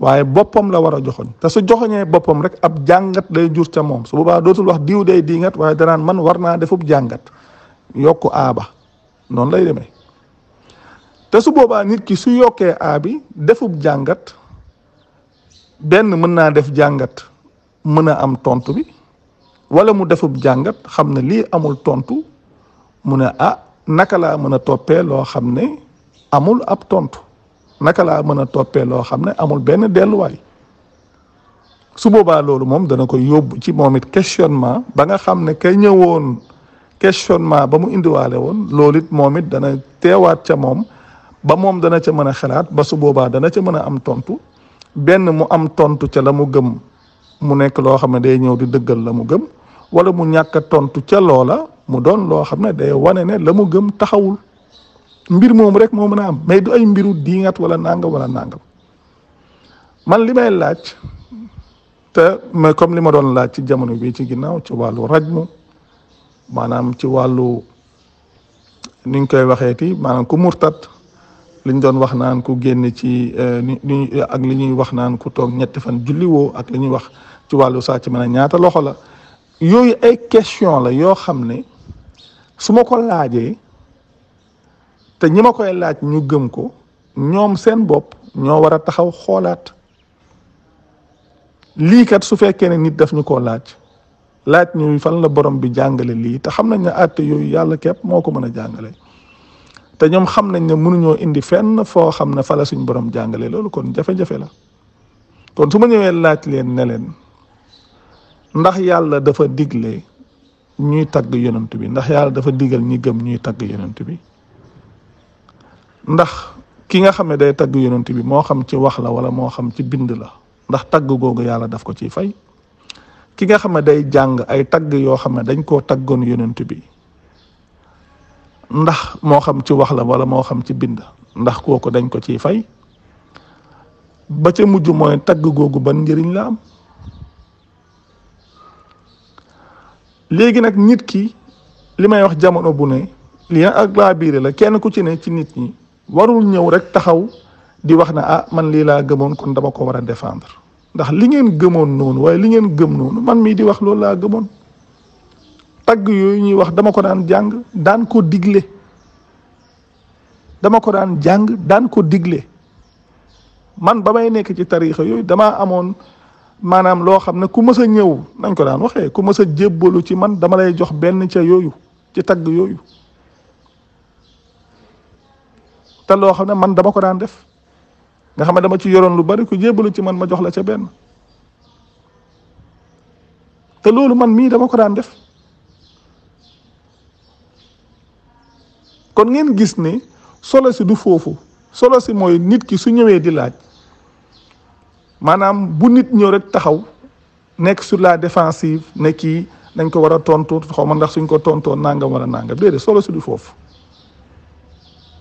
waaye boppam la war a joxoñ ta su joxoñee boppam rek ab jàngat lay jur ca moom su boobaa dootul wax diw day diingat waaye danaan man war naa defub jàngat yokku aaba noonu lay deme te su boobaa nit ki su yokkee aabi defub jàngat benn mën naa def jàngat mën a am tontu bi wala mu defub jàngat xam ne lii amul tontu mu ne ah naka laa mën a toppee loo xam ne amul ab tontu. naka laa mën a toppee loo xam ne amul benn delluwaay su boobaa loolu moom dana ko yóbbu ci moom it questionnement ba nga xam ne kay ñëwoon questionnement ba mu indiwaale woon loolu it moom it dana teewaat ca moom ba moom dana ca mën a xalaat ba su boobaa dana ca mën a am tontu benn mu am tontu ca la mu gëm mu nekk loo xam ne day ñëw di dëggal la mu gëm wala mu ñàkk tontu ca loola mu doon loo xam ne day wane ne la mu gëm taxawul. mbir moomu rek moo mën a am mais du ay mbiru diingat wala nangam wala nangam man li may laaj te mais comme li ma doon laaj ci jamono bi ci ginnaaw ci wàllu rajmu maanaam ci wàllu niñ koy waxeeti maanaam ku murtat liñ doon wax naan ku génn ci eh, ni ak li ñuy wax naan ku toog ñetti fan julliwoo ak li ñuy wax ci wàllu sàcc mën a ñaata loxo la yooyu ay question la yoo xam ne su ma ko laajee te ñi ma koy laaj ñu gëm ko ñoom seen bopp ñoo war a taxaw xoolaat lii kat su fekkee ne nit daf ñu koo laaj laaj ñu fan la borom bi jàngale lii te xam nañ ne àtte yooyu yàlla képp moo ko mën a jàngale te ñoom xam nañ ne mënuñoo indi fenn foo xam ne fa suñ borom jàngale loolu kon jafe-jafe la kon su ma ñëwee laaj leen ne leen ndax yàlla dafa digle ñuy tagg yonent bi ndax yàlla dafa digal ñi gëm ñuy tagg yonent bi ndax ki nga xam ne day tagg yonent bi moo xam ci wax la wala moo xam ci bind la ndax tagg googu yàlla daf ko ciy fay ki nga xam ne day jàng ay tagg yoo xam ne dañ koo taggoon yonent bi ndax moo xam ci wax la wala moo xam ci bind ndax kooku dañ ko ciy fay ba ca mujj mooy tagg googu ban njëriñ la am léegi nag nit ki li may wax jamono bu ne lii ak laa biire la kenn ku ci ne ci nit ñi warul ñëw rek taxaw di wax na ah man lii laa gëmoon kon dama ko war a défendre ndax li ngeen gëmoon noonu waaye li ngeen gëm noonu man mii di wax loolu laa gëmoon tagg yooyu ñuy wax dama ko daan jàng daan ko digle dama ko daan jàng daan ko digle man ba may nekk ci tariixa yooyu dama amoon maanaam loo xam ne ku mës a ñëw nañ ko daan waxee ku mës a jébbalu ci man dama lay jox benn ca yooyu ci tagg yooyu te loo xam ne man dama ko daan def nga xam ne dama ci yoroon lu bari ku jébbalu ci man ma jox la ca benn te loolu man mii dama ko daan def kon ngeen gis ni solo si du foofu solo si mooy nit ki su ñëwee di laaj maanaam bu nit ñëw rek taxaw nekk sur la défensive ne kii dañ ko war a tontu xaw ma ndax suñ ko tontoon nangam war nànga nangam déedéet solo si du foofu.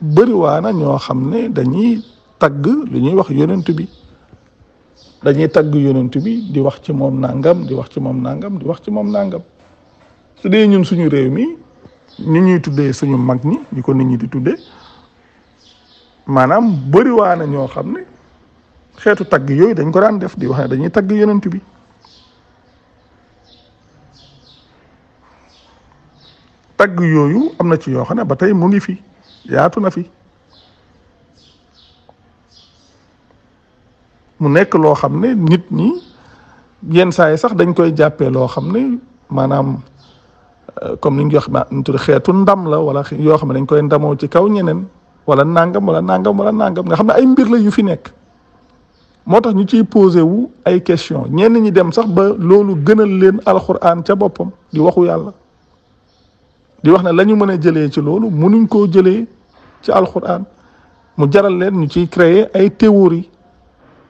bëriwaana ñoo xam ne dañuy tagg lu ñuy wax yonent bi dañuy tagg yonent bi di wax ci moom nangam di wax ci moom nangam di wax ci moom nangam su dee ñun suñu réew mi ñu ñuy tuddee suñu mag ñi ñi ko nit ñi di tuddee maanaam bëriwaana ñoo xam ne xeetu tagg yooyu dañ ko daan def di wax dañuy tagg yonent bi tagg yooyu am na ci yoo xam ne ba tey mu ngi fi. yaatu na fi mu nekk loo xam ne nit ñi yenn saa yi sax dañ koy jàppee loo xam ne maanaam euh, comme ni ñu wax ma tudd xeetu ndam la wala yoo xam ne dañ koy ndamoo ci kaw ñeneen wala nangam wala nangam wala nga xam ne ay mbir la yu fi nekk moo tax ñu ciy posé wu ay question ñenn ñi dem sax ba loolu gënal leen alxuraan ca boppam di waxu yàlla di wax na lañu mën a jëlee ci loolu nuñ koo jëlee ci alquran mu jaral leen ñu ciy créer ay théorie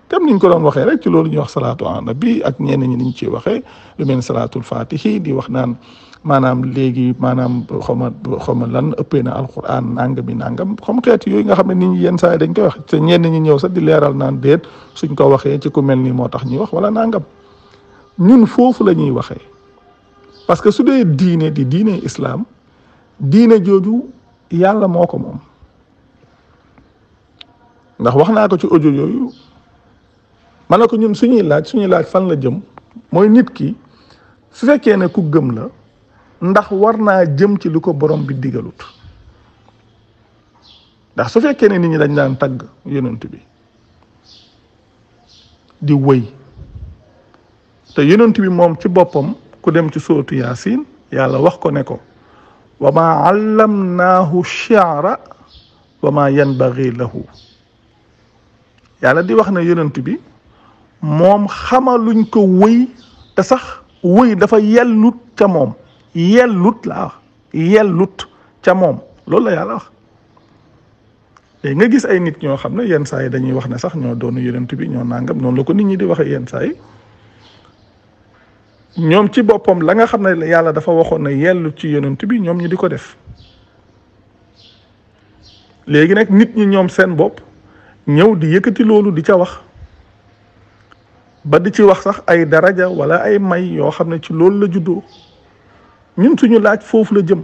comme niñ ko doon waxee rek ci loolu ñuy wax salaatu ala nabi ak ñenn ñi ñu ciy waxee lu mel ni salaatul fatihi di wax naan maanaam léegi maanaam xawma xawma lan ëppee na alquran nangami nangam xawma xeeti yooyu nga xam ne nit ñi yenn saa dañ koy wax te ñenn ñi ñëw sax di leeral naan déet suñ ko waxee ci ku mel ni moo tax ñuy wax wala nangam ñun foofu la ñuy waxee parce que su dee diine di diine islam diine jooju yàlla moo ko moom ndax wax naa ko ci audio yooyu ma ko ñun suñuy laaj suñuy laaj fan la jëm mooy nit ki su fekkee ne ku gëm la ndax war naa jëm ci lu ko borom bi digalut ndax su fekkee ne nit ñi dañ daan tagg yonent bi di wëy te yonent bi moom ci boppam ku dem ci sóotu yaasin yàlla wax ko ne ko wa ma allamnaahu shi'ra wa ma bagi lahu yàlla di wax na yonent bi moom xamaluñ ko wëy te sax wëy dafa yellut ca moom yellut laa wax yellut ca moom loolu la yàlla wax léegi nga gis ay nit ñoo xam ne yenn saa yi dañuy wax ne sax ñoo doonu yonent bi ñoo nàngam noonu la ko nit ñi di waxee yenn saa yi ñoom ci boppam la nga xam ne yàlla dafa waxoon na yellu ci yonent bi ñoom ñu di ko def léegi nag nit ñi ñoom seen bopp ñëw di yëkkati loolu di ca wax ba di ci wax sax ay daraja wala ay may yoo xam ne ci loolu la juddoo ñun suñu laaj foofu la jëm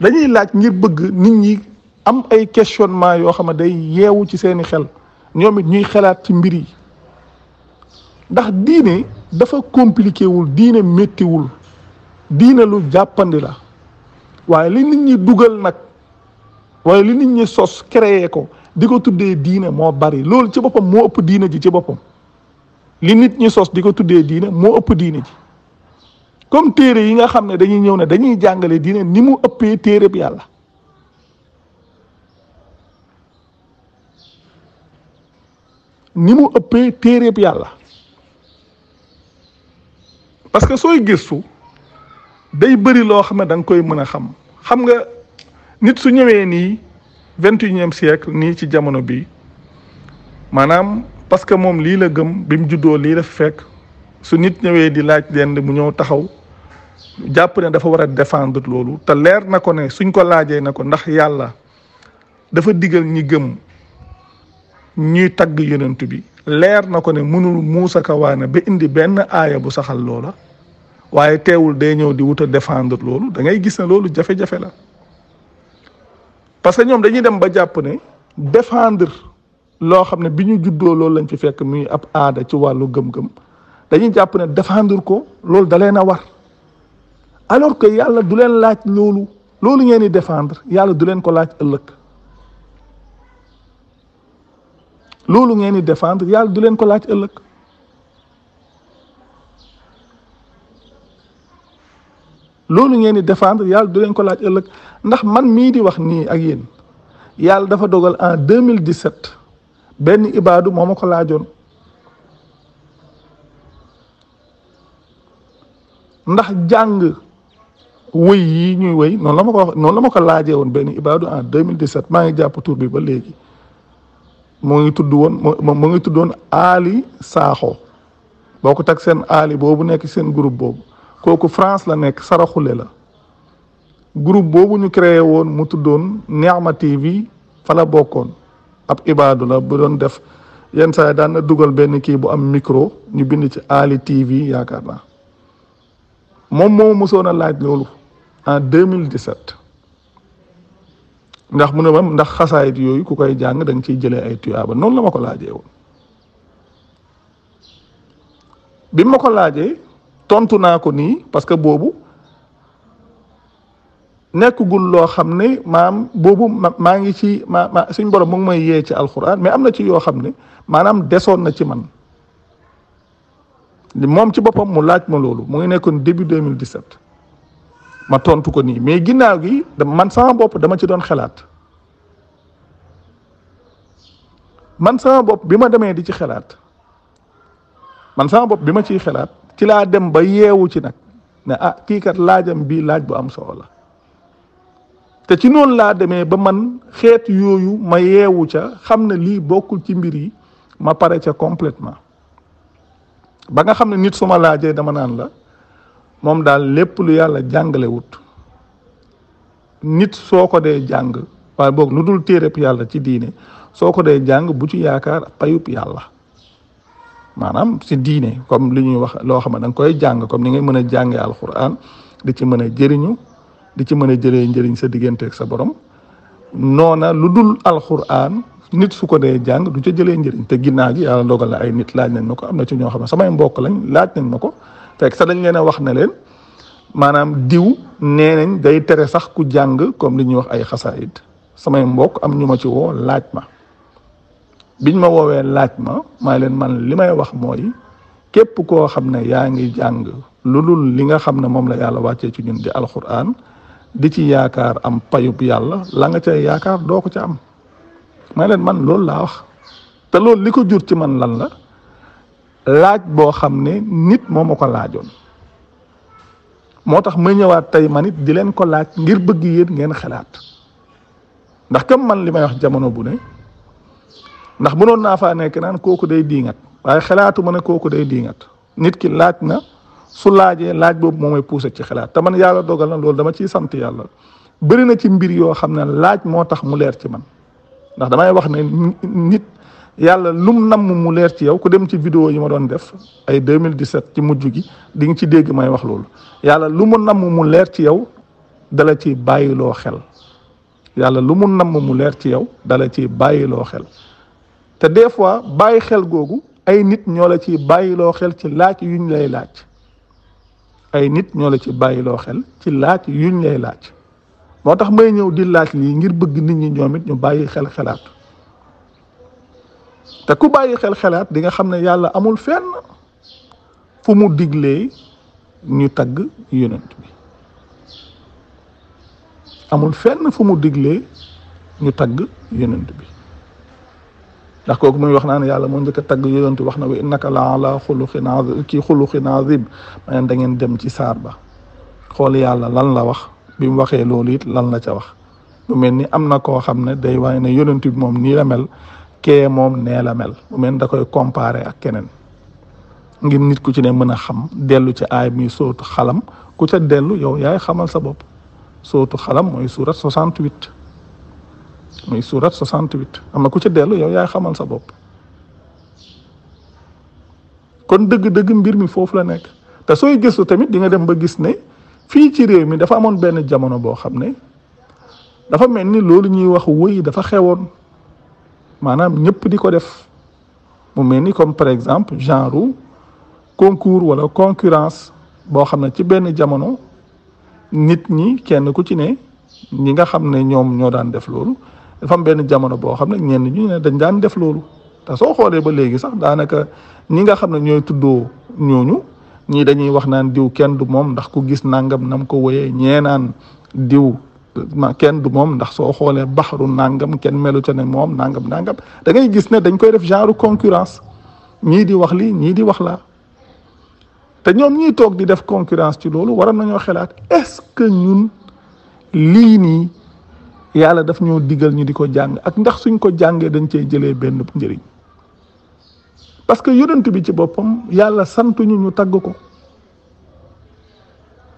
dañuy laaj ngir bëgg nit ñi am ay questionnement yoo xam ne day yeewu ci seeni xel ñoom it ñuy xalaat ci mbir yi ndax diine dafa compliqué wul diine méttiwul diine lu jàppandi la waaye li nit ñi dugal nag wala li nit ñi sos créer ko di ko tuddee diine moo bari loolu ci boppam moo ëpp diine ji ci boppam li nit ñi sos di ko tuddee diine moo ëpp diine ji comme téere yi nga xam ne dañuy ñëw ne dañuy jàngale diine ni mu ëppee téere yàlla ni mu ëppee téereeb yàlla parce que sooy gëstu day bëri loo xam ne da koy mën a xam xam nga nit su ñëwee nii vingt et unième siècle nii ci jamono bi maanaam parce que moom lii la gëm bi juddoo lii la fekk su nit ñëwee di laaj leen mu ñëw taxaw jàpp ne dafa war a défendre loolu te leer na ko ne suñ ko laajee na ko ndax yàlla dafa digal ñi gëm ñuy tagg yonent bi leer na ko ne mënul muusa kawaane ba indi benn aaya bu saxal loola waaye teewul dee ñëw di wut defendre loolu da ngay gis ne loolu jafe-jafe la parce que ñoom dañuy dem ba jàpp ne défendre loo xam ne bi ñu juddoo loolu lañ fi fekk muy ab aada ci wàllu gëm-gëm dañuy jàpp ne défendre ko loolu da leen a war alors que yàlla du leen laaj loolu loolu ngeen di défendre yàlla du leen ko laaj ëllëg loolu ngeen di défendre yàlla du leen ko laaj ëllëg loolu ngeen di défendre yàlla du leen ko laaj ëllëg ndax man mii di wax nii ak yéen yàlla dafa dogal en mille 2017 benn ibaadu moo ma laajoon ndax jàng wëy yi ñuy wëy noonu la ma ko laajee woon benn ibaadu en 2017 maa ngi jàpp tur bi ba léegi moo ngi tudd woon ngi tudd woon aali saaxo boo ko tag seen aali boobu nekk seen groupe boobu kooku France la nekk saraxule la group boobu ñu créé woon mu tuddoon Nihma TV fa la bokkoon ab ibaadu la bu doon def yenn saa daan na dugal benn kii bu am micro ñu bind ci Ali TV yaakaar naa moom moo mosoon a laaj loolu en 2017 ndax mu ne ma ndax xasaayit yooyu ku koy jàng da nga ciy jëlee ay tuyaaba noonu la ma ko laajee woon bi ma ko laajee tontu naa ko nii parce que boobu nekkagul loo xam ne maam boobu maa ngi ci ma ma suñ borom mu ngi may yee ci alxuraan mais am na ci yoo xam ne maanaam desoon na ci man moom ci boppam mu laaj ma loolu mu ngi nekkoon début 2017 ma tontu ko nii mais ginnaaw gi man sama bopp dama ci doon xalaat man sama bopp bi ma demee di ci xalaat man sama bopp bi ma ciy xalaat. ci laa dem ba yeewu ci nag ne ah kii kat laajam bii laaj bu am solo la te ci noonu laa demee ba man xeet yooyu ma yeewu ca xam ne lii bokkul ci mbir yi ma pare ca completement ba nga xam ne nit su ma laajee dama naan la moom daal lépp lu yàlla jàngale wut nit soo ko dee jàng waaye boog lu dul téereb yàlla ci diine soo ko dee jàng bu ci yaakaar payub yàlla maanaam si diine comme li ñuy wax loo xam ne da koy jàng comme ni ngay mën a jàngee alquran di ci mën a jëriñu di ci mën a jëlee njëriñ sa digganteeg sa borom noona lu dul alquran nit su ko dee jàng du ca jëlee njëriñ te ginnaaw gi yàlla dogal na ay nit laaj nañ ma ko am na ci ñoo xam ne samay mbokk lañ laaj nañ ma ko fekk sax dañ leen a wax na leen maanaam diw nee day tere sax ku jàng comme li ñuy wax ay xasaayit samay mbokk am ñu ma ci woo laaj ma biñ ma woowee laaj ma maa leen man li may wax mooy képp koo xam ne yaa ngi jàng lu dul li nga xam ne moom la yàlla wàccee ci ñun di alxuraan di ci yaakaar am payub yàlla la nga cay yaakaar doo ko ca am maa leen man loolu laa wax te loolu li ko jur ci man lan la laaj boo xam ne nit moo ma ko laajoon moo tax may ñëwaat tey man it di leen ko laaj ngir bëgg yéen ngeen xalaat ndax kam man li may wax jamono bu ne ndax mënoon naa faa nekk naan kooku day diingat waaye xalaatu ma ne kooku day diingat nit ki laaj na su laajee laaj boobu moom mooy poussé ci xalaat te man yàlla dogal na loolu dama ciy sant yàlla bëri na ci mbir yoo xam ne laaj moo tax mu leer ci man ndax damay wax ne nit yàlla lum nam mu leer ci yow ku dem ci video yi ma doon def ay 2017 ci mujj gi di nga ci dégg may wax loolu yàlla lu mu namm mu leer ci yow dala ci bàyyiloo xel yàlla lu mu namm mu leer ci yow dala ci bàyyiloo xel te des fois bàyyi xel gogou ay nit ñola la ci bàyyiloo xel ci laaj yuñ lay laaj ay nit ñola la ci bàyyiloo xel ci laaj yuñ lay laaj motax may ñëw di laaj li ngir bëgg nit ñi ñomit ñu bàyyi xel xelaat te ku bàyyi xel xelaat di nga xamne yàlla amul fenn fu mu diglé ñu tag yonent bi amul fenn fu mu diglé ñu tag yonent bi ndax kooku muy wax naa ne yàlla moo njëkk a tagg yonent wax na wa innaka la ala xuluqin azim kii xuluqin azim ma ne da ngeen dem ci saar ba xool yàlla lan la wax bi mu waxee loolu it lan la ca wax mu mel ni am na koo xam ne day waaye ne yonent bi moom nii la mel kee moom nee la mel mu mel da koy comparé ak keneen ngir nit ku ci ne mën a xam dellu ci aay muy sootu xalam ku ca dellu yow yaay xamal sa bopp sootu xalam mooy surat 68 muy suurat surat 68 am na ku ci dellu yow yaay xamal sa bopp kon dëgg-dëgg mbir mi foofu la nekk te sooy gëstu tamit di nga dem ba gis ne fii ci réew mi dafa amoon benn jamono boo xam ne dafa mel ni loolu ñuy wax woy dafa xewoon maanaam ñëpp di ko def mu mel ni comme par exemple genre concours wala concurrence boo xam ne ci benn jamono nit ñi kenn ku ci ne ñi nga xam ne ñoom ñoo daan def loolu dafa am benn jamono boo xam ne ñenn ñu ne dañ daan def loolu te soo xoolee ba léegi sax daanaka ñi nga xam ne ñooy tuddoo ñooñu ñii dañuy wax naan diw kenn du moom ndax ku gis nangam nam ko woyee ñee naan diw ma kenn du moom ndax soo xoolee baxaru nangam kenn melo ca ne moom nangam nangam da ngay gis ne dañ koy def genre concurrence ñii di wax lii ñii di wax laa te ñoom ñiy toog di def concurrence ci loolu waroon nañoo xalaat est-ce que ñun lii nii. yàlla daf ñu digal ñu di ko jàng ak ndax suñ ko jàngee dañ cey jëlee benn njëriñ parce que yonent bi ci boppam yàlla santuñu ñu tagg ko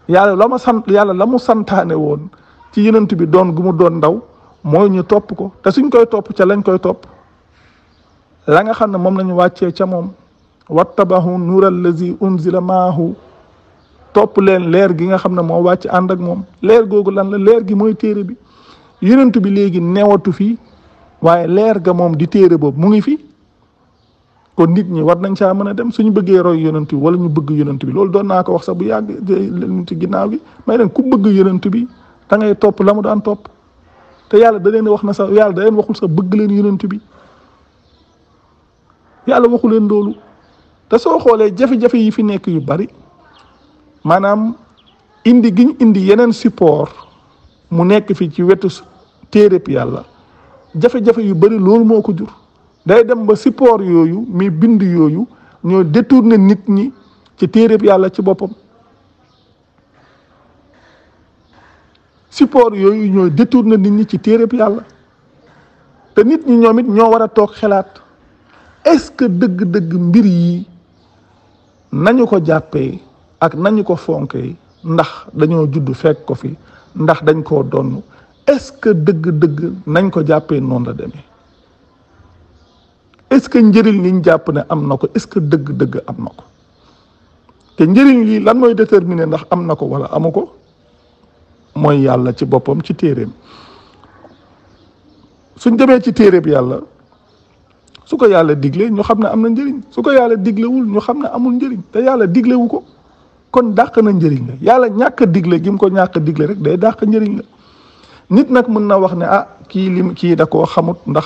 yàlla la ma yàlla la mu santaane woon ci yonent bi doon gu mu doon ndaw mooy ñu topp ko te suñ koy topp ca lañ koy topp la nga xam ne moom lañu wàccee ca moom wattabahu nuura allazi unzila maahu topp leen leer gi nga xam ne moo wàcc ànd ak moom leer googu lan la leer gi mooy téere bi yonent bi léegi newatu fi waaye leer ga moom di téere boobu mu ngi fi kon nit ñi war nañ saa mën a dem suñu bëggee roy yonent bi wala ñu bëgg yonent bi loolu doon naa wax sax bu yàgg ci ginnaaw gi may ku bëgg yonent bi da ngay topp la mu daan topp te yàlla da leen wax na sax yàlla da leen waxul sax bëgg leen yonent bi yàlla waxu leen loolu te soo xoolee jafe-jafe yi fi nekk yu bari maanaam indi giñ indi yeneen support mu nekk fi ci wetu téereb yàlla jafe-jafe yu bari loolu moo ko jur day dem ba sippoor yooyu mi bind yooyu ñoo na nit ñi ci téereb yàlla ci boppam support yooyu ñooy na nit ñi ci téereb yàlla te nit ñi ñoom it ñoo war a toog xelaat est-ce que dëgg-dëgg mbir yi nañu ko jàppee ak nañu ko fonkee ndax dañoo judd fekk ko fi ndax dañ ko donn est-ce que dëgg-dëgg nañ ko jàppee noonu la demee est-ce que njëriñ liñ jàpp ne am na ko est-ce que dëgg-dëgg am na ko te njëriñ lii lan mooy déterminer ndax am na ko wala amu ko mooy yàlla ci boppam ci téeréem suñ demee ci téeréeb yàlla su ko yàlla digle ñu xam ne am na njëriñ su ko yàlla diglewul ñu xam ne amul njëriñ te yàlla diglewu ko kon dàq na njëriñ la yàlla ñàkk digle gi mu ko ñàkk digle rek day dàq njëriñ la nit nag mën na wax ne ah kii lim kii da koo xamut ndax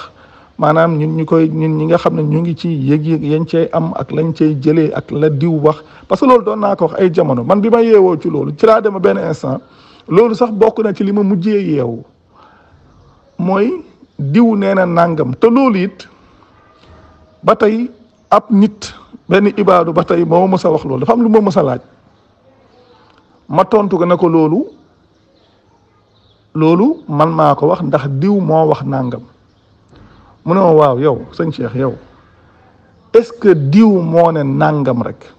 maanaam ñun ñu koy ñun ñi nga xam ne ñu ngi ci yëg yëg yañ cey am ak lañ cey jëlee ak la diw wax parce que loolu doon naa ko wax ay jamono man bi ma yeewoo ci loolu ci laa dema benn instant loolu sax bokk na ci li ma mujjee yeewu mooy diw nee na nangam te loolu it ba tey ab nit benn ibaadu ba tey moo ma mës a wax loolu dafa am lu ma mës a laaj ma tontu ko ne ko loolu loolu man maa ko wax ndax diw moo wax nangam mu ne waaw yow sëñ Cheikh yow est-ce que diw moo ne nàngam rek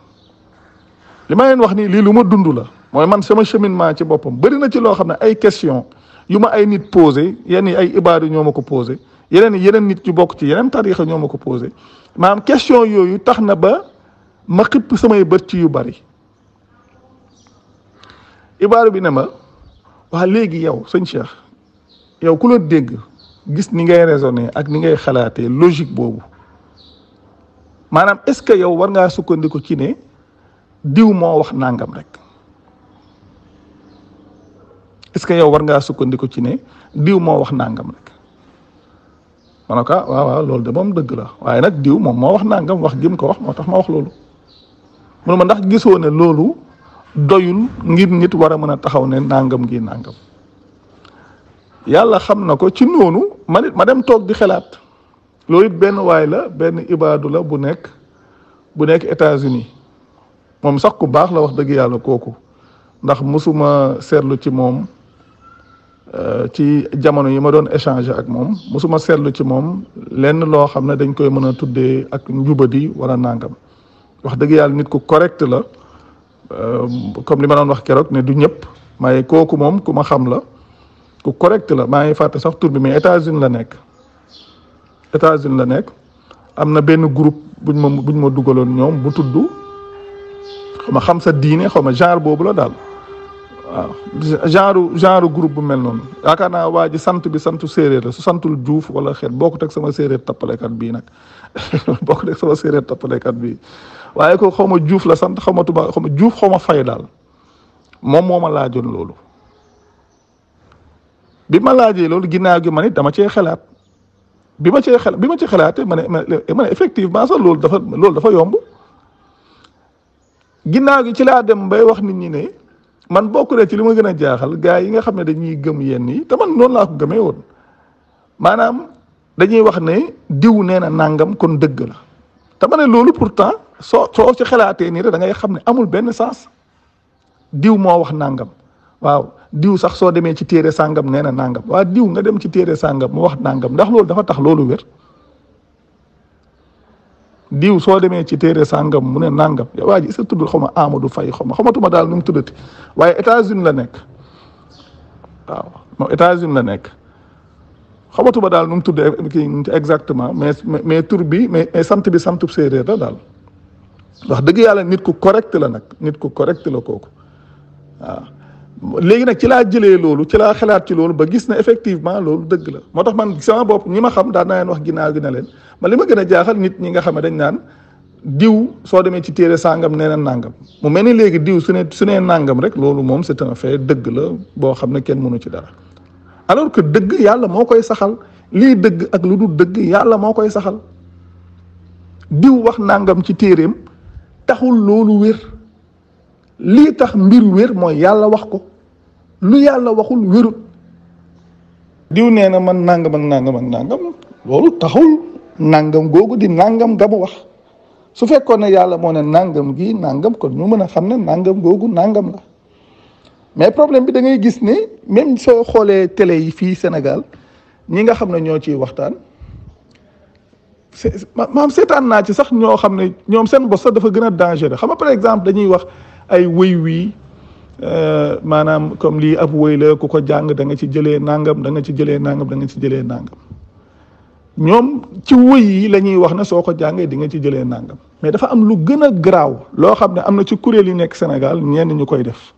li ma leen wax nii lii lu ma dund la mooy man sama cheminement ci boppam bëri na ci loo xam ne ay question yu ma ay nit posé yenn yi ay ibaadu ñoo ma ko posé yeneen yeneen nit yu bokk ci yeneen tariixa ñoo ma ko posé maanaam question yooyu tax na ba ma xipp samay bët ci yu bari ibaadu bi ne ma. waa léegi yow sëñ Cheikh yow ku la dégg gis ni ngay raisonné ak ni ngay xalaatee logique boobu maanaam est-ce que yow war ngaa sukkandiku ci ne diw moo wax nangam rek est-ce que yow war ngaa sukkandiku ci ne diw moo wax nangam rek ma ne ko ah, waaw waaw loolu de moom dëgg la waaye nag diw moom moo wax nangam wax gim ko wax moo tax ma wax loolu mu ndax gisoo ne loolu. doyul ngir nit war a mën a taxaw ne nangam gi nangam yàlla xam na ko ci noonu man it ma dem toog di xalaat loolu it benn waay la benn ibaadu la bu nekk bu nekk États-Unis moom sax ku baax la wax dëgg yàlla kooku ndax mësuma seetlu ci moom euh, ci jamono yi ma doon échanger ak moom mosuma seetlu ci moom lenn loo xam ne dañ koy mën a tuddee ak njubadi wala nangam wax dëgg yàlla nit ku correct la. Euh, comme li ma doon wax keroog ne du ñëpp may kooku moom ku ma xam la ku correct la maa ngi fàtte sax tur bi mais États-Unis la nekk États-Unis la nekk am na benn groupe buñ ma buñ ma dugaloon ñoom bu tudd xaw ma xam sa diine xaw ma genre boobu la daal waaw genre genre groupe bu mel noonu yaakaar naa waa ji sant bi santu séeréer la su santul Juuf wala xeet boo ko teg sama séeréer tappalekat bii nag bokk nag sama séeréer toppalekat bi waaye ko xaw ma juuf la sant xaw ma tuba xaw juuf xaw ma fay daal moom moo ma laajoon loolu bi ma laajee loolu ginnaaw gi ma ne dama cee xalaat bi ma cee xel bi ma ci xalaatee ma ne effectivement sax loolu dafa loolu dafa yomb ginnaaw gi ci laa dem mbay wax nit ñi ne man bokk na ci li ma gën a jaaxal gars yi nga xam ne dañuy gëm yenn yi te man noonu laa ko gëmee woon maanaam dañuy wax ne diw nee na nangam kon dëgg la te ma ne loolu pourtant soo soo ci xalaatee nii rek da ngay xam ne amul benn saas diw moo wax nangam waaw diw sax soo demee ci téere sàngam nee na nangam waa diw nga dem ci téere sàngam mu wax nangam ndax loolu dafa tax loolu wér soo demee ci téere sàngam mu ne nangam waa ji isa tudd xaw ma Amadou Faye xaw ma daal nu mu tuddati waaye états une la nekk waaw moom États-Unis la nekk. xamatuma daal nu mu tuddee exactement mais mais tur bi mais mais sant bi santu séeréer la daal wax dëgg yàlla nit ku correct la nag nit ku correct la kooku waaw léegi nag ci laa jëlee loolu ci laa xalaat ci loolu ba gis na effectivement loolu dëgg la moo tax man sama bopp ñi ma xam daan naa wax ginnaaw gi ne leen ma li ma gën a jaaxal nit ñi nga xam ne dañ naan diw soo demee ci téere sàngam nee na nàngam mu mel ni léegi diw su ne su nee nàngam rek loolu moom c'est un dëgg la boo xam ne kenn mënu ci dara alors que deug yalla mo koy saxal li deug ak lu dul deug yalla mo koy saxal diw wax nangam ci terem taxul lolu wer li tax mbir wer moy yalla wax ko lu yalla waxul wërut diw neena man nangam ak nangam ak nangam lolu taxul nangam gogu di nangam gamu wax su fekkone yalla mo ne nangam gi nangam ko ñu mëna xamne nangam gogu nangam la mais problème bi da ngay gis ni même soo xoolee tele yi fii Sénégal ñi nga xam ne ñoo ciy waxtaan maam seetaan naa ci sax ñoo xam ne ñoom seen bos sax dafa gën a dangereux xam nga par exemple dañuy wax ay wëy wii euh, maanaam comme lii ab wëy la ku ko jàng da nga ci jëlee nangam danga ci jëlee nangam da ci jëlee nangam ñoom ci wëy yi la ñuy wax na soo ko jàngee di nga ci jëlee nangam mais dafa am lu gën a garaaw loo xam ne am na ci kuréel yi nekk Sénégal ñenn ñu koy def.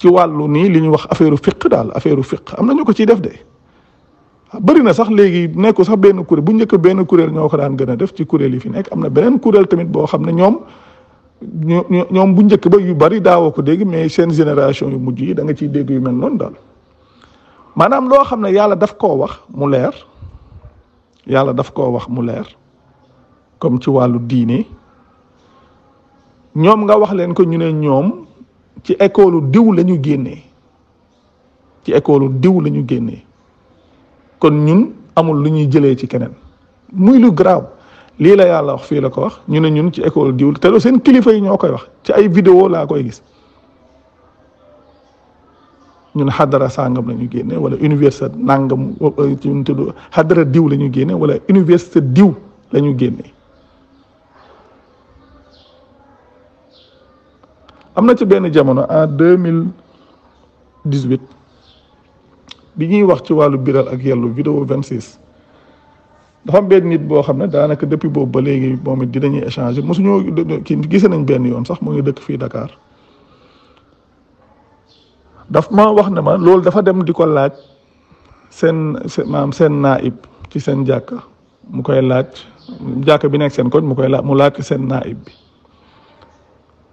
ci wàllu nii li ñu wax affaire fiq daal affaire fiq am na ñu ko ciy def de bëri na sax léegi nekkul sax benn kuréel bu njëkk benn kuréel ñoo ko daan gën a def kuréel yi fi nekk na beneen kuréel tamit boo xam ne ñoom ñoom bu njëkk ba yu bari daawoo ko dégg mais seen génération yu mujj yi da nga ciy dégg yu mel noonu daal maanaam loo xam ne yàlla daf koo wax mu leer yàlla daf koo wax mu leer comme ci wàllu diine ñoom nga wax leen ko ñu ne ñoom. ci école diw lañu ñu génnee ci école diw lañu ñu génnee kon ñun amul lu ñuy jëlee ci keneen muy lu grave lii la yàlla wax fii la ko wax ñu ne ñun ci école diw te seen kilifa yi ñoo koy wax ci ay vidéo laa koy gis ñun xadara sàngam lañu génne wala université nàngam euh, ci diw la génne wala université diw lañu génne am na ci benn jamono en deux mille dix huit bi ñuy wax ci wàllu biral ak yellu vidéo vingt six dafa am benn nit boo xam ne daanaka depuis boobu ba léegi moom it dinañuy échanger mosuñoo kii gise nañ benn yoon sax mu ngi dëkk fi Dakar daf ma wax ne ma loolu dafa dem di ko laaj seen maam seen naib ci seen jàkka mu koy laaj jàkka bi nekk seen koñ mu koy laaj mu laaj seen naib bi.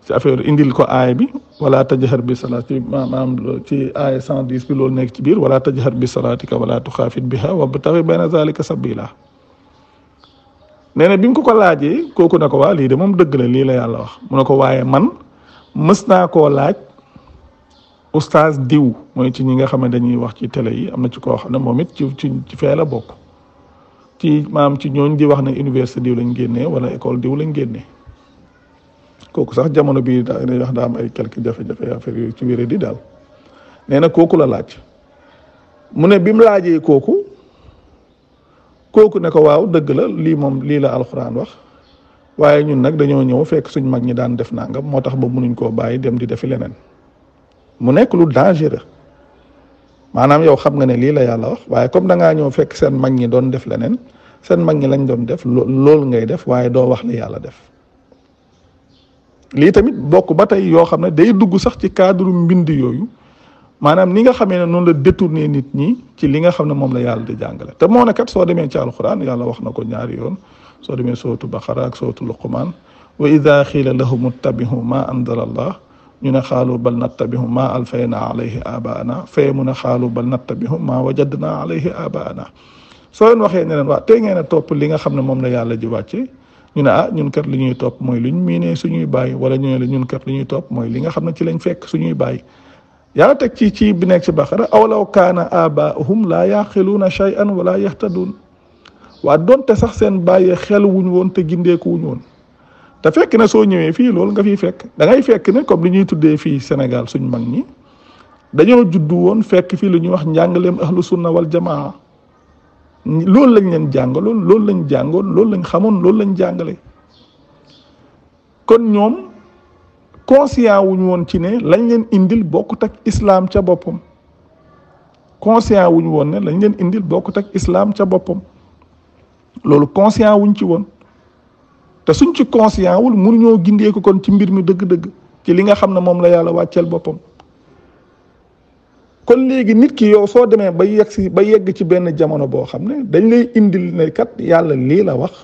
ci affaire indil ko aay bi wala tajhar bi salaat ci maanaam ci aay cent dix bi loolu nekk ci biir wala tajhar bi salaatika wala bi biha ba bayna zalika sabila nee na bi biñ ko ko laajee kooku ne ko waa lii de moom dëgg la lii la yàlla wax mu ne ko waaye man mës naa koo laaj oustaz diw mooy ci ñi nga xam ne dañuy wax ci télé yi am na ci ko xam ne moom it ci ci ci fee la bokk ci maam ci ñooñ di wax ne université diw lañ génne wala école diw lañ génnee koku sax jamono bi da ñu wax daa am ay quelques jafé jafé affaire yu ci wéré di dal néna koku la laaj mu bimla aje mu koku koku kooku ne ko waaw dëgg la li Wah li la alxuraan wax waye ñun nak dañoo ñëw fekk suñu mag ñi daan def nangam nga ba mënuñ ko bayyi dem di def leneen mu nekk lu dangereux manam yow xam nga ne li la yalla wax waye comme da nga ñëw fekk seen mag ñi doon def leneen seen mag ñi lañ doon def lool ngay def waye do wax li yalla def li tamit bokku batay yo xamne day dugg sax ci cadre mbind yoyu manam ni nga xamee non la détourner nit ñi ci li nga xamne mom la yàlla di jàngale te mo ne kat soo demee ci alcorane yàlla wax nako ñaar yoon so démé sotu baqara ak sotu luqman wa idha khila lahum muttabihu ma anzala allah ñu ne xaalu bal nattabihu ma alfayna alayhi abana fee mu ne xaalu bal nattabihu ma wajadna alayhi abana so ñu waxé ne leen waa tey ngeen a li nga xamne mom la yàlla di wàcce ñu ne ah ñun kër li ñuy topp mooy luñ miinee suñuy bàyyi wala ñu ne la ñun kat li ñuy topp mooy li nga xam ne ci lañ fekk suñuy baay yaa teg ci ci bi nekk ci baqara awlaw kaana abaahum laa yaqiluuna shay'an wala yaxtaduun waa donte sax seen bàyyi xel wuñ woon te gindeeku wuñ woon te fekk na soo ñëwee fii loolu nga fiy fekk da ngay fekk ne comme li ñuy tuddee fii Sénégal suñ mag ñi dañoo judd woon fekk fii lu ñuy wax njàng njàngaleem ahlu sunna wal jamaa loolu lañ leen jàngaloon loolu lañ jàngoon loolu lañ xamoon loolu lañ jàngale kon ñoom conscient wuñ woon ci ne lañ leen indil bokkut ak islaam ca boppam conscient wuñ woon ne lañ leen indil bokkut islaam ca boppam loolu conscient wuñ ci woon te suñ ci conscient wul ñoo gindee ko kon ci mbir mi dëgg-dëgg ci li nga xam ne moom la yàlla wàcceel boppam kon léegi nit ki yow soo demee ba yegg si ba yegg ci benn jamono boo xam ne dañ lay indil ne kat yàlla lii la wax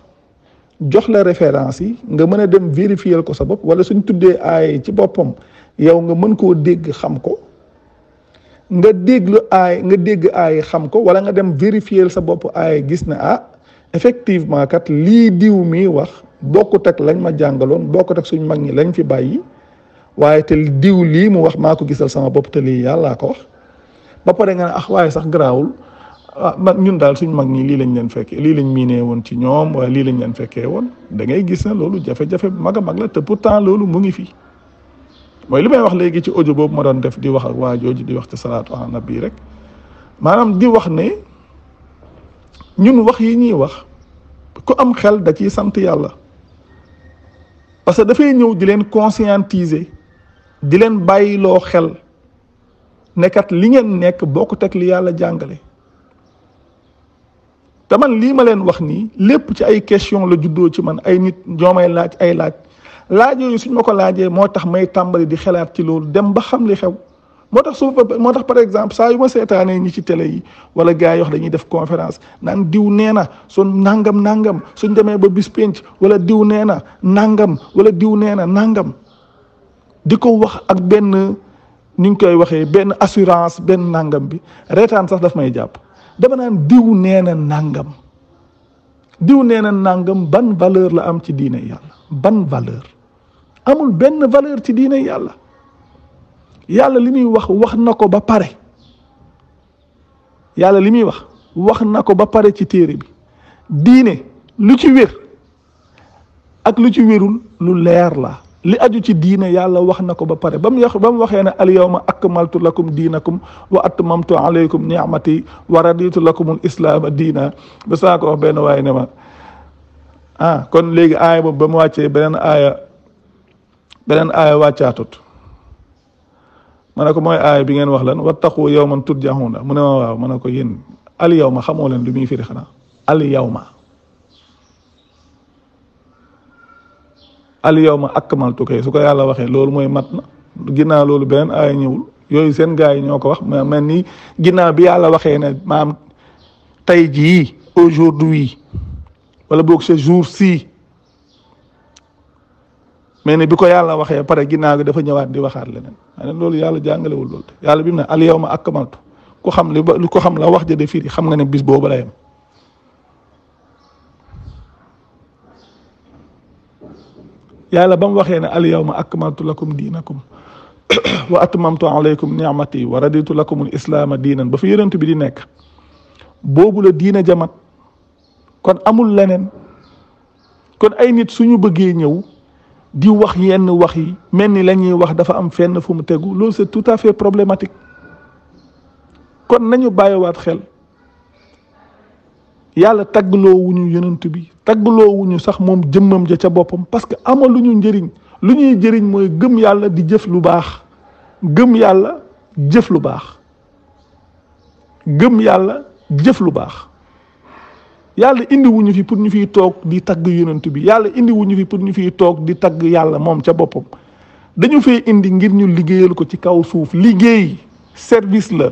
jox la référence yi nga mën a dem vérifier ko sa bopp wala suñ tuddee aay ci boppam yow nga mën koo dégg xam ko nga déglu aay nga dégg aay xam ko wala nga dem vérifier sa bopp aay gis ne ah effectivement kat lii diw mi wax bokkut ak lañ ma jàngaloon bokkut ak suñ mag ñi lañ fi bàyyi waaye te diw lii mu wax maa ko gisal sama bopp te lii yàllaa ko wax. ba pare nga ne ax ah, waaye sax garaawul ah, man ñun daal suñ mag ñi lii lañ leen fekkee lii lañ miinee woon ci ñoom waaye lii lañ leen fekkee woon dangay gis ne loolu jafe-jafe mag a mag la te pourtant loolu mu ngi fi. mooy li may wax léegi ci audio boobu ma doon def di wax ak waa jooju di wax ci salaatu ala nabi rek maanaam di wax ne ñun wax yi ñuy wax ku am xel da ciy sant yàlla parce que dafay ñëw di leen conscientiser di leen bàyyiloo xel. nekkat li ngeen nekk bokkut ak li yàlla jàngale te man lii ma leen wax nii lépp ci ay question la juddoo ci man ay nit ñoo laaj ay laaj laaj yooyu suñ ma ko laajee moo tax may tàmbali di xalaat ci loolu dem ba xam li xew moo tax su moo tax par exemple saa yu ma seetaanee ñi ci tele yi wala gars yox wax dañuy def conférence naan diw nee na sun nangam nangam su demee ba bis pénc wala diw nee na nangam wala diw nee na nangam di ko wax ak benn ni ñu koy waxee benn assurance benn nangam bi reetaan sax daf may jàpp dama naan diw nee na nangam diw nee na nangam ban valeur la am ci diine yàlla ban valeur amul benn valeur ci diine yàlla yàlla li muy wax wax na ko ba pare yàlla li muy wax wax na ko ba pare ci téere bi diine lu ci wér ak lu ci wérul lu leer la li aju ci diine yàlla wax na ko ba pare ba mu wax ba mu waxee ne al yawma akmaltu lakum diinakum wa atmamtu alaykum ni'mati wa raditu lakum al islaama diina ba saa ko wax benn waaye ne ma ah kon léegi aaya boobu ba mu wàccee beneen aaya beneen aaya wàccaatut ma ne ko mooy aaya bi ngeen wax lan wattaqu yawman turja'una mu ne ma waaw ma ne ko yéen al yawma xamoo leen lu muy firi xanaa al yawma al yawma akmaltu kay suko yalla waxe waxee moy matna gina lolou ginnaaw ay ñewul yoy sen gaay ñoko wax ma ni bi yalla waxe ne maam tay ji aujourd'hui wala bok ce jour ci mais ne bi ko yàlla pare gina gi dafa ñewat di waxat lenen ma lolou yalla jangale wul lolou yalla bi ne al yawma akmaltu ku xam li ku xam la wax je de firi xam nga ne bis bobu la yam yàlla ba mu waxee ne al yawma akmaltu lakum diinakum wa atmamtu alaykum ni'mati wa raditu lakumul islaama diinan ba fi yonent bi di nekk boobu la diina jamat kon amul leneen kon ay nit suñu bëggee ñëw di wax yenn wax yi mel ni la ñuy wax dafa am fenn fu mu tegu loolu c'est tout à fait problématique kon nañu bàyyiwaat xel yàlla taggloo wuñu yonent bi taggloowuñu sax moom jëmmam ja ca boppam parce que ñu njëriñ lu ñuy jëriñ mooy gëm yàlla di jëf lu baax gëm yàlla jëf lu baax gëm yàlla jëf lu baax yàlla indi wuñu fi pour ñu fiy toog di tagg yonent bi yàlla indi fi pour ñu fiy toog di tagg yàlla moom ca boppam dañu fee indi ngir ñu liggéeyal ko ci kaw suuf liggéey service la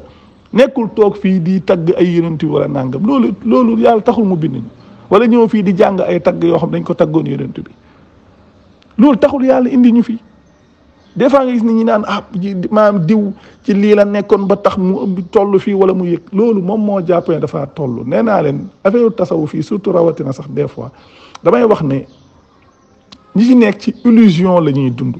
nekkul toog fii di tagg ay yonent walla nàngam loolu loolu yàlla taxul mu bind ñu wala ñëw fii di jàng ay tagg yoo xam dañ ko taggoon yonent bi loolu taxul yàlla indi ñu fi des fois nga gis ni naan ah maam diw ci lii la nekkoon ba tax mu tollu fii wala mu yëg loolu moom moo jàpp dafa tollu toll nee naa leen affaire tasawu fii surtout rawatina sax des fois damay wax ne ñi ci nekk ci illusion la ñuy dund.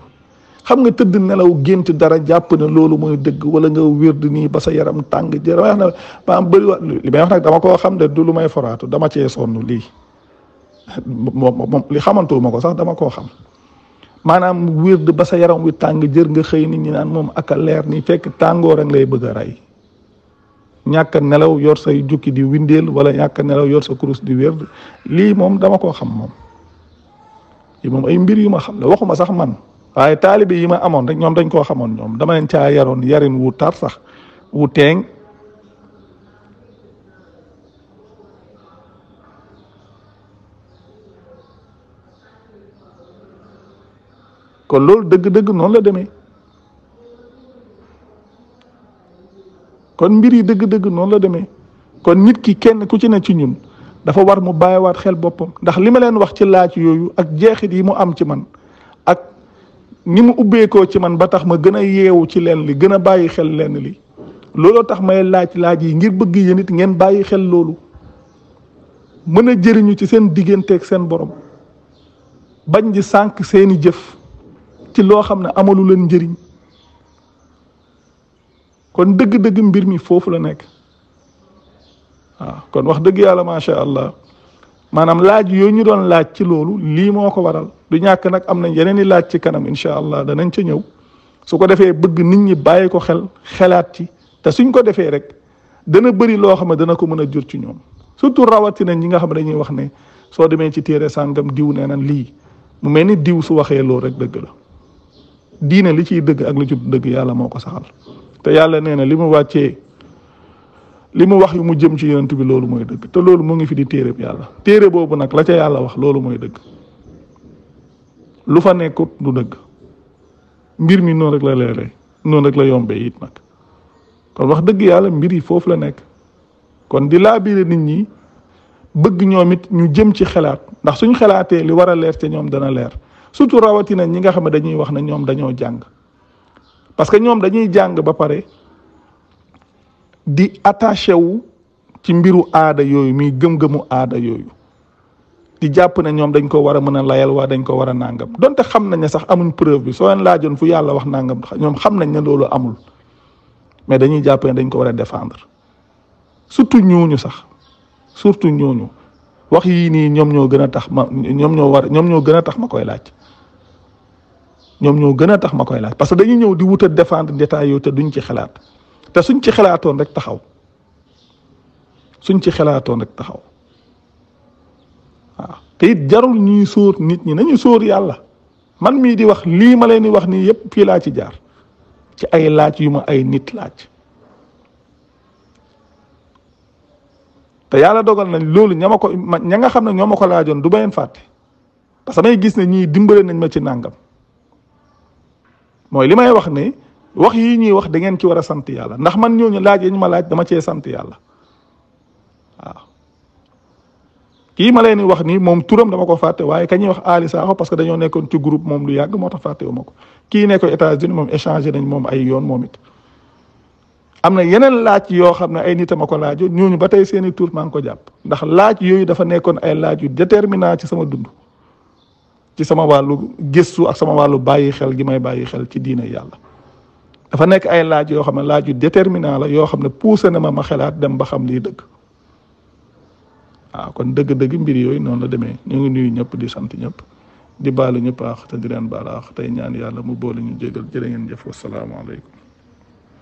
xam nga tëdd nelaw gént dara jàpp ne loolu mooy dëgg wala nga wérd nii ba sa yaram tàng jër wax na ma am bëri li may wax nag dama koo xam de du lu may foraatu dama cee sonn lii li. li xamantuma ko sax dama koo xam maanaam wérd ba sa yaram wi tàng jër nga xëy ni ñi naan moom ak a leer ni fekk tàngoor rek lay bëgg a rey ñàkk nelaw yor say jukki di windeel wala ñàkk nelaw yor sa kurus di wérd lii moom dama koo xam moom lii moom ay mbir yu ma xam la waxuma sax man waaye taalibe yi ma amoon rek ñoom dañ koo xamoon ñoom dama leen caa yaroon yarin wu tar sax wu teeng kon loolu dëgg-dëgg noonu la deme kon mbir yi dëgg-dëgg noonu la demee kon nit ki kenn ku ci ne ci ñun dafa war mu bàyyiwaat xel boppam ndax li ma leen wax ci laaj yooyu ak jeexit yi mu am ci man ni mu ubbeekoo ci man ba tax ma gën a yeewu ci leen li gën a bàyyi xel leen li looloo tax may laaj laaj yi ngir bëgg yéen it ngeen bàyyi xel loolu mën a jëriñu ci seen digganteek seen borom bañ di sànq seeni jëf ci loo xam ne amalu leen njëriñ kon dëgg-dëgg mbir mi foofu la nekk waaw kon wax dëgg yàlla macha allah maanaam laaj yooyu ñu doon laaj ci loolu lii moo ko waral. du ñàkk nag am nañ yeneen i laaj ci kanam incha allah danañ ca ñëw su ko defee bëgg nit ñi bàyyi ko xel xelaat ci te suñ ko defee rek dana bëri loo xam ne dana ko mën a jur ci ñoom surtout rawatina ñi nga xam dañuy wax ne soo demee ci téere sàngam diw nee na lii mu mel ni diw su waxee loolu rek dëgg la diine li ciy dëgg ak li ci dëgg yàlla moo ko saxal te yàlla nee na li mu wàccee li mu wax yu mu jëm ci yonent bi loolu mooy dëgg te loolu mu ngi fi téere bi yàlla téere boobu nag la ca yàlla wax loolu mooy dëgg lu fa nekkut du dëgg mbir mi noonu rek la leere noonu rek la yombee it nag kon wax dëgg yàlla mbir yi foofu la nekk kon di laa laabire nit ñi bëgg ñoom it ñu jëm ci xalaat ndax suñu xalaatee li war a leer te ñoom dana leer surtout rawatina ñi nga xam ne dañuy wax ne ñoom dañoo jàng parce que ñoom dañuy jàng ba pare di attaché wu ci mbiru aada yooyu muy gëm-gëmu aada yooyu. di jàpp ne ñoom dañ ko war a mën a layal waa dañ ko war a nàngam donte xam nañ ne sax amuñ preuve bi soo leen laajoon fu yàlla wax nàngam ñoom xam nañ ne loolu amul mais dañuy jàpp ne dañ ko war a défendre surtout ñooñu sax surtout ñooñu wax yii nii ñoom ñoo gën a tax ma ñoom ñoo war ñoom ñoo gën a tax ma koy laaj ñoom ñoo gën a tax ma koy laaj parce que dañuy ñëw di wut a défendre détails yooyu te duñ ci xalaat te suñ ci xalaatoon rek taxaw suñ ci xalaatoon rek taxaw. te it jarul ñuy sóor nit ñi nañu sóor yàlla man mii di wax lii ma leen di wax nii yépp fii laa ci jaar ci ay laaj yu ma ay nit laaj te yàlla dogal na loolu ñama ko ña nga xam ne ñoo ma ko laajoon du bayeen fàtte parce que may gis ne ñii dimbale nañ ma ci nangam mooy li may ne wax yi ñuy wax da ngeen ci war a sant ndax man ñooñu laaj yi ñu ma laaj dama cee sant yàlla kii ma leen wax nii moom turam dama ko fàtte waaye ka ñuy wax Ali Sakho parce que dañoo nekkoon ci groupe moom lu yàgg moo tax fàttewu ma ko kii nekkoon États-Unis moom échangé nañ moom ay yoon moom am na yeneen laaj yoo xam ne ay nit ma ko laajo ñooñu ba tey seen i tur maa ngi ko jàpp ndax laaj yooyu dafa nekkoon ay laaj yu déterminant ci sama dund ci sama wàllu gëstu ak sama wàllu bàyyi xel gi may bàyyi xel ci diine yàlla. dafa nekk ay laaj yoo xam ne laaj yu déterminant la yoo xam ne poussé na ma ma xelaat dem ba xam lii dëgg. waaw ah, kon dëgg-dëgg mbir yooyu noonu la demee ñu ngi nuyu ñëpp di sant ñëpp di baalu ñëpp aax te di leen baal a tey ñaan yàlla mu boole ñu jégal jërë ngeen jëf wasalaamaaleykum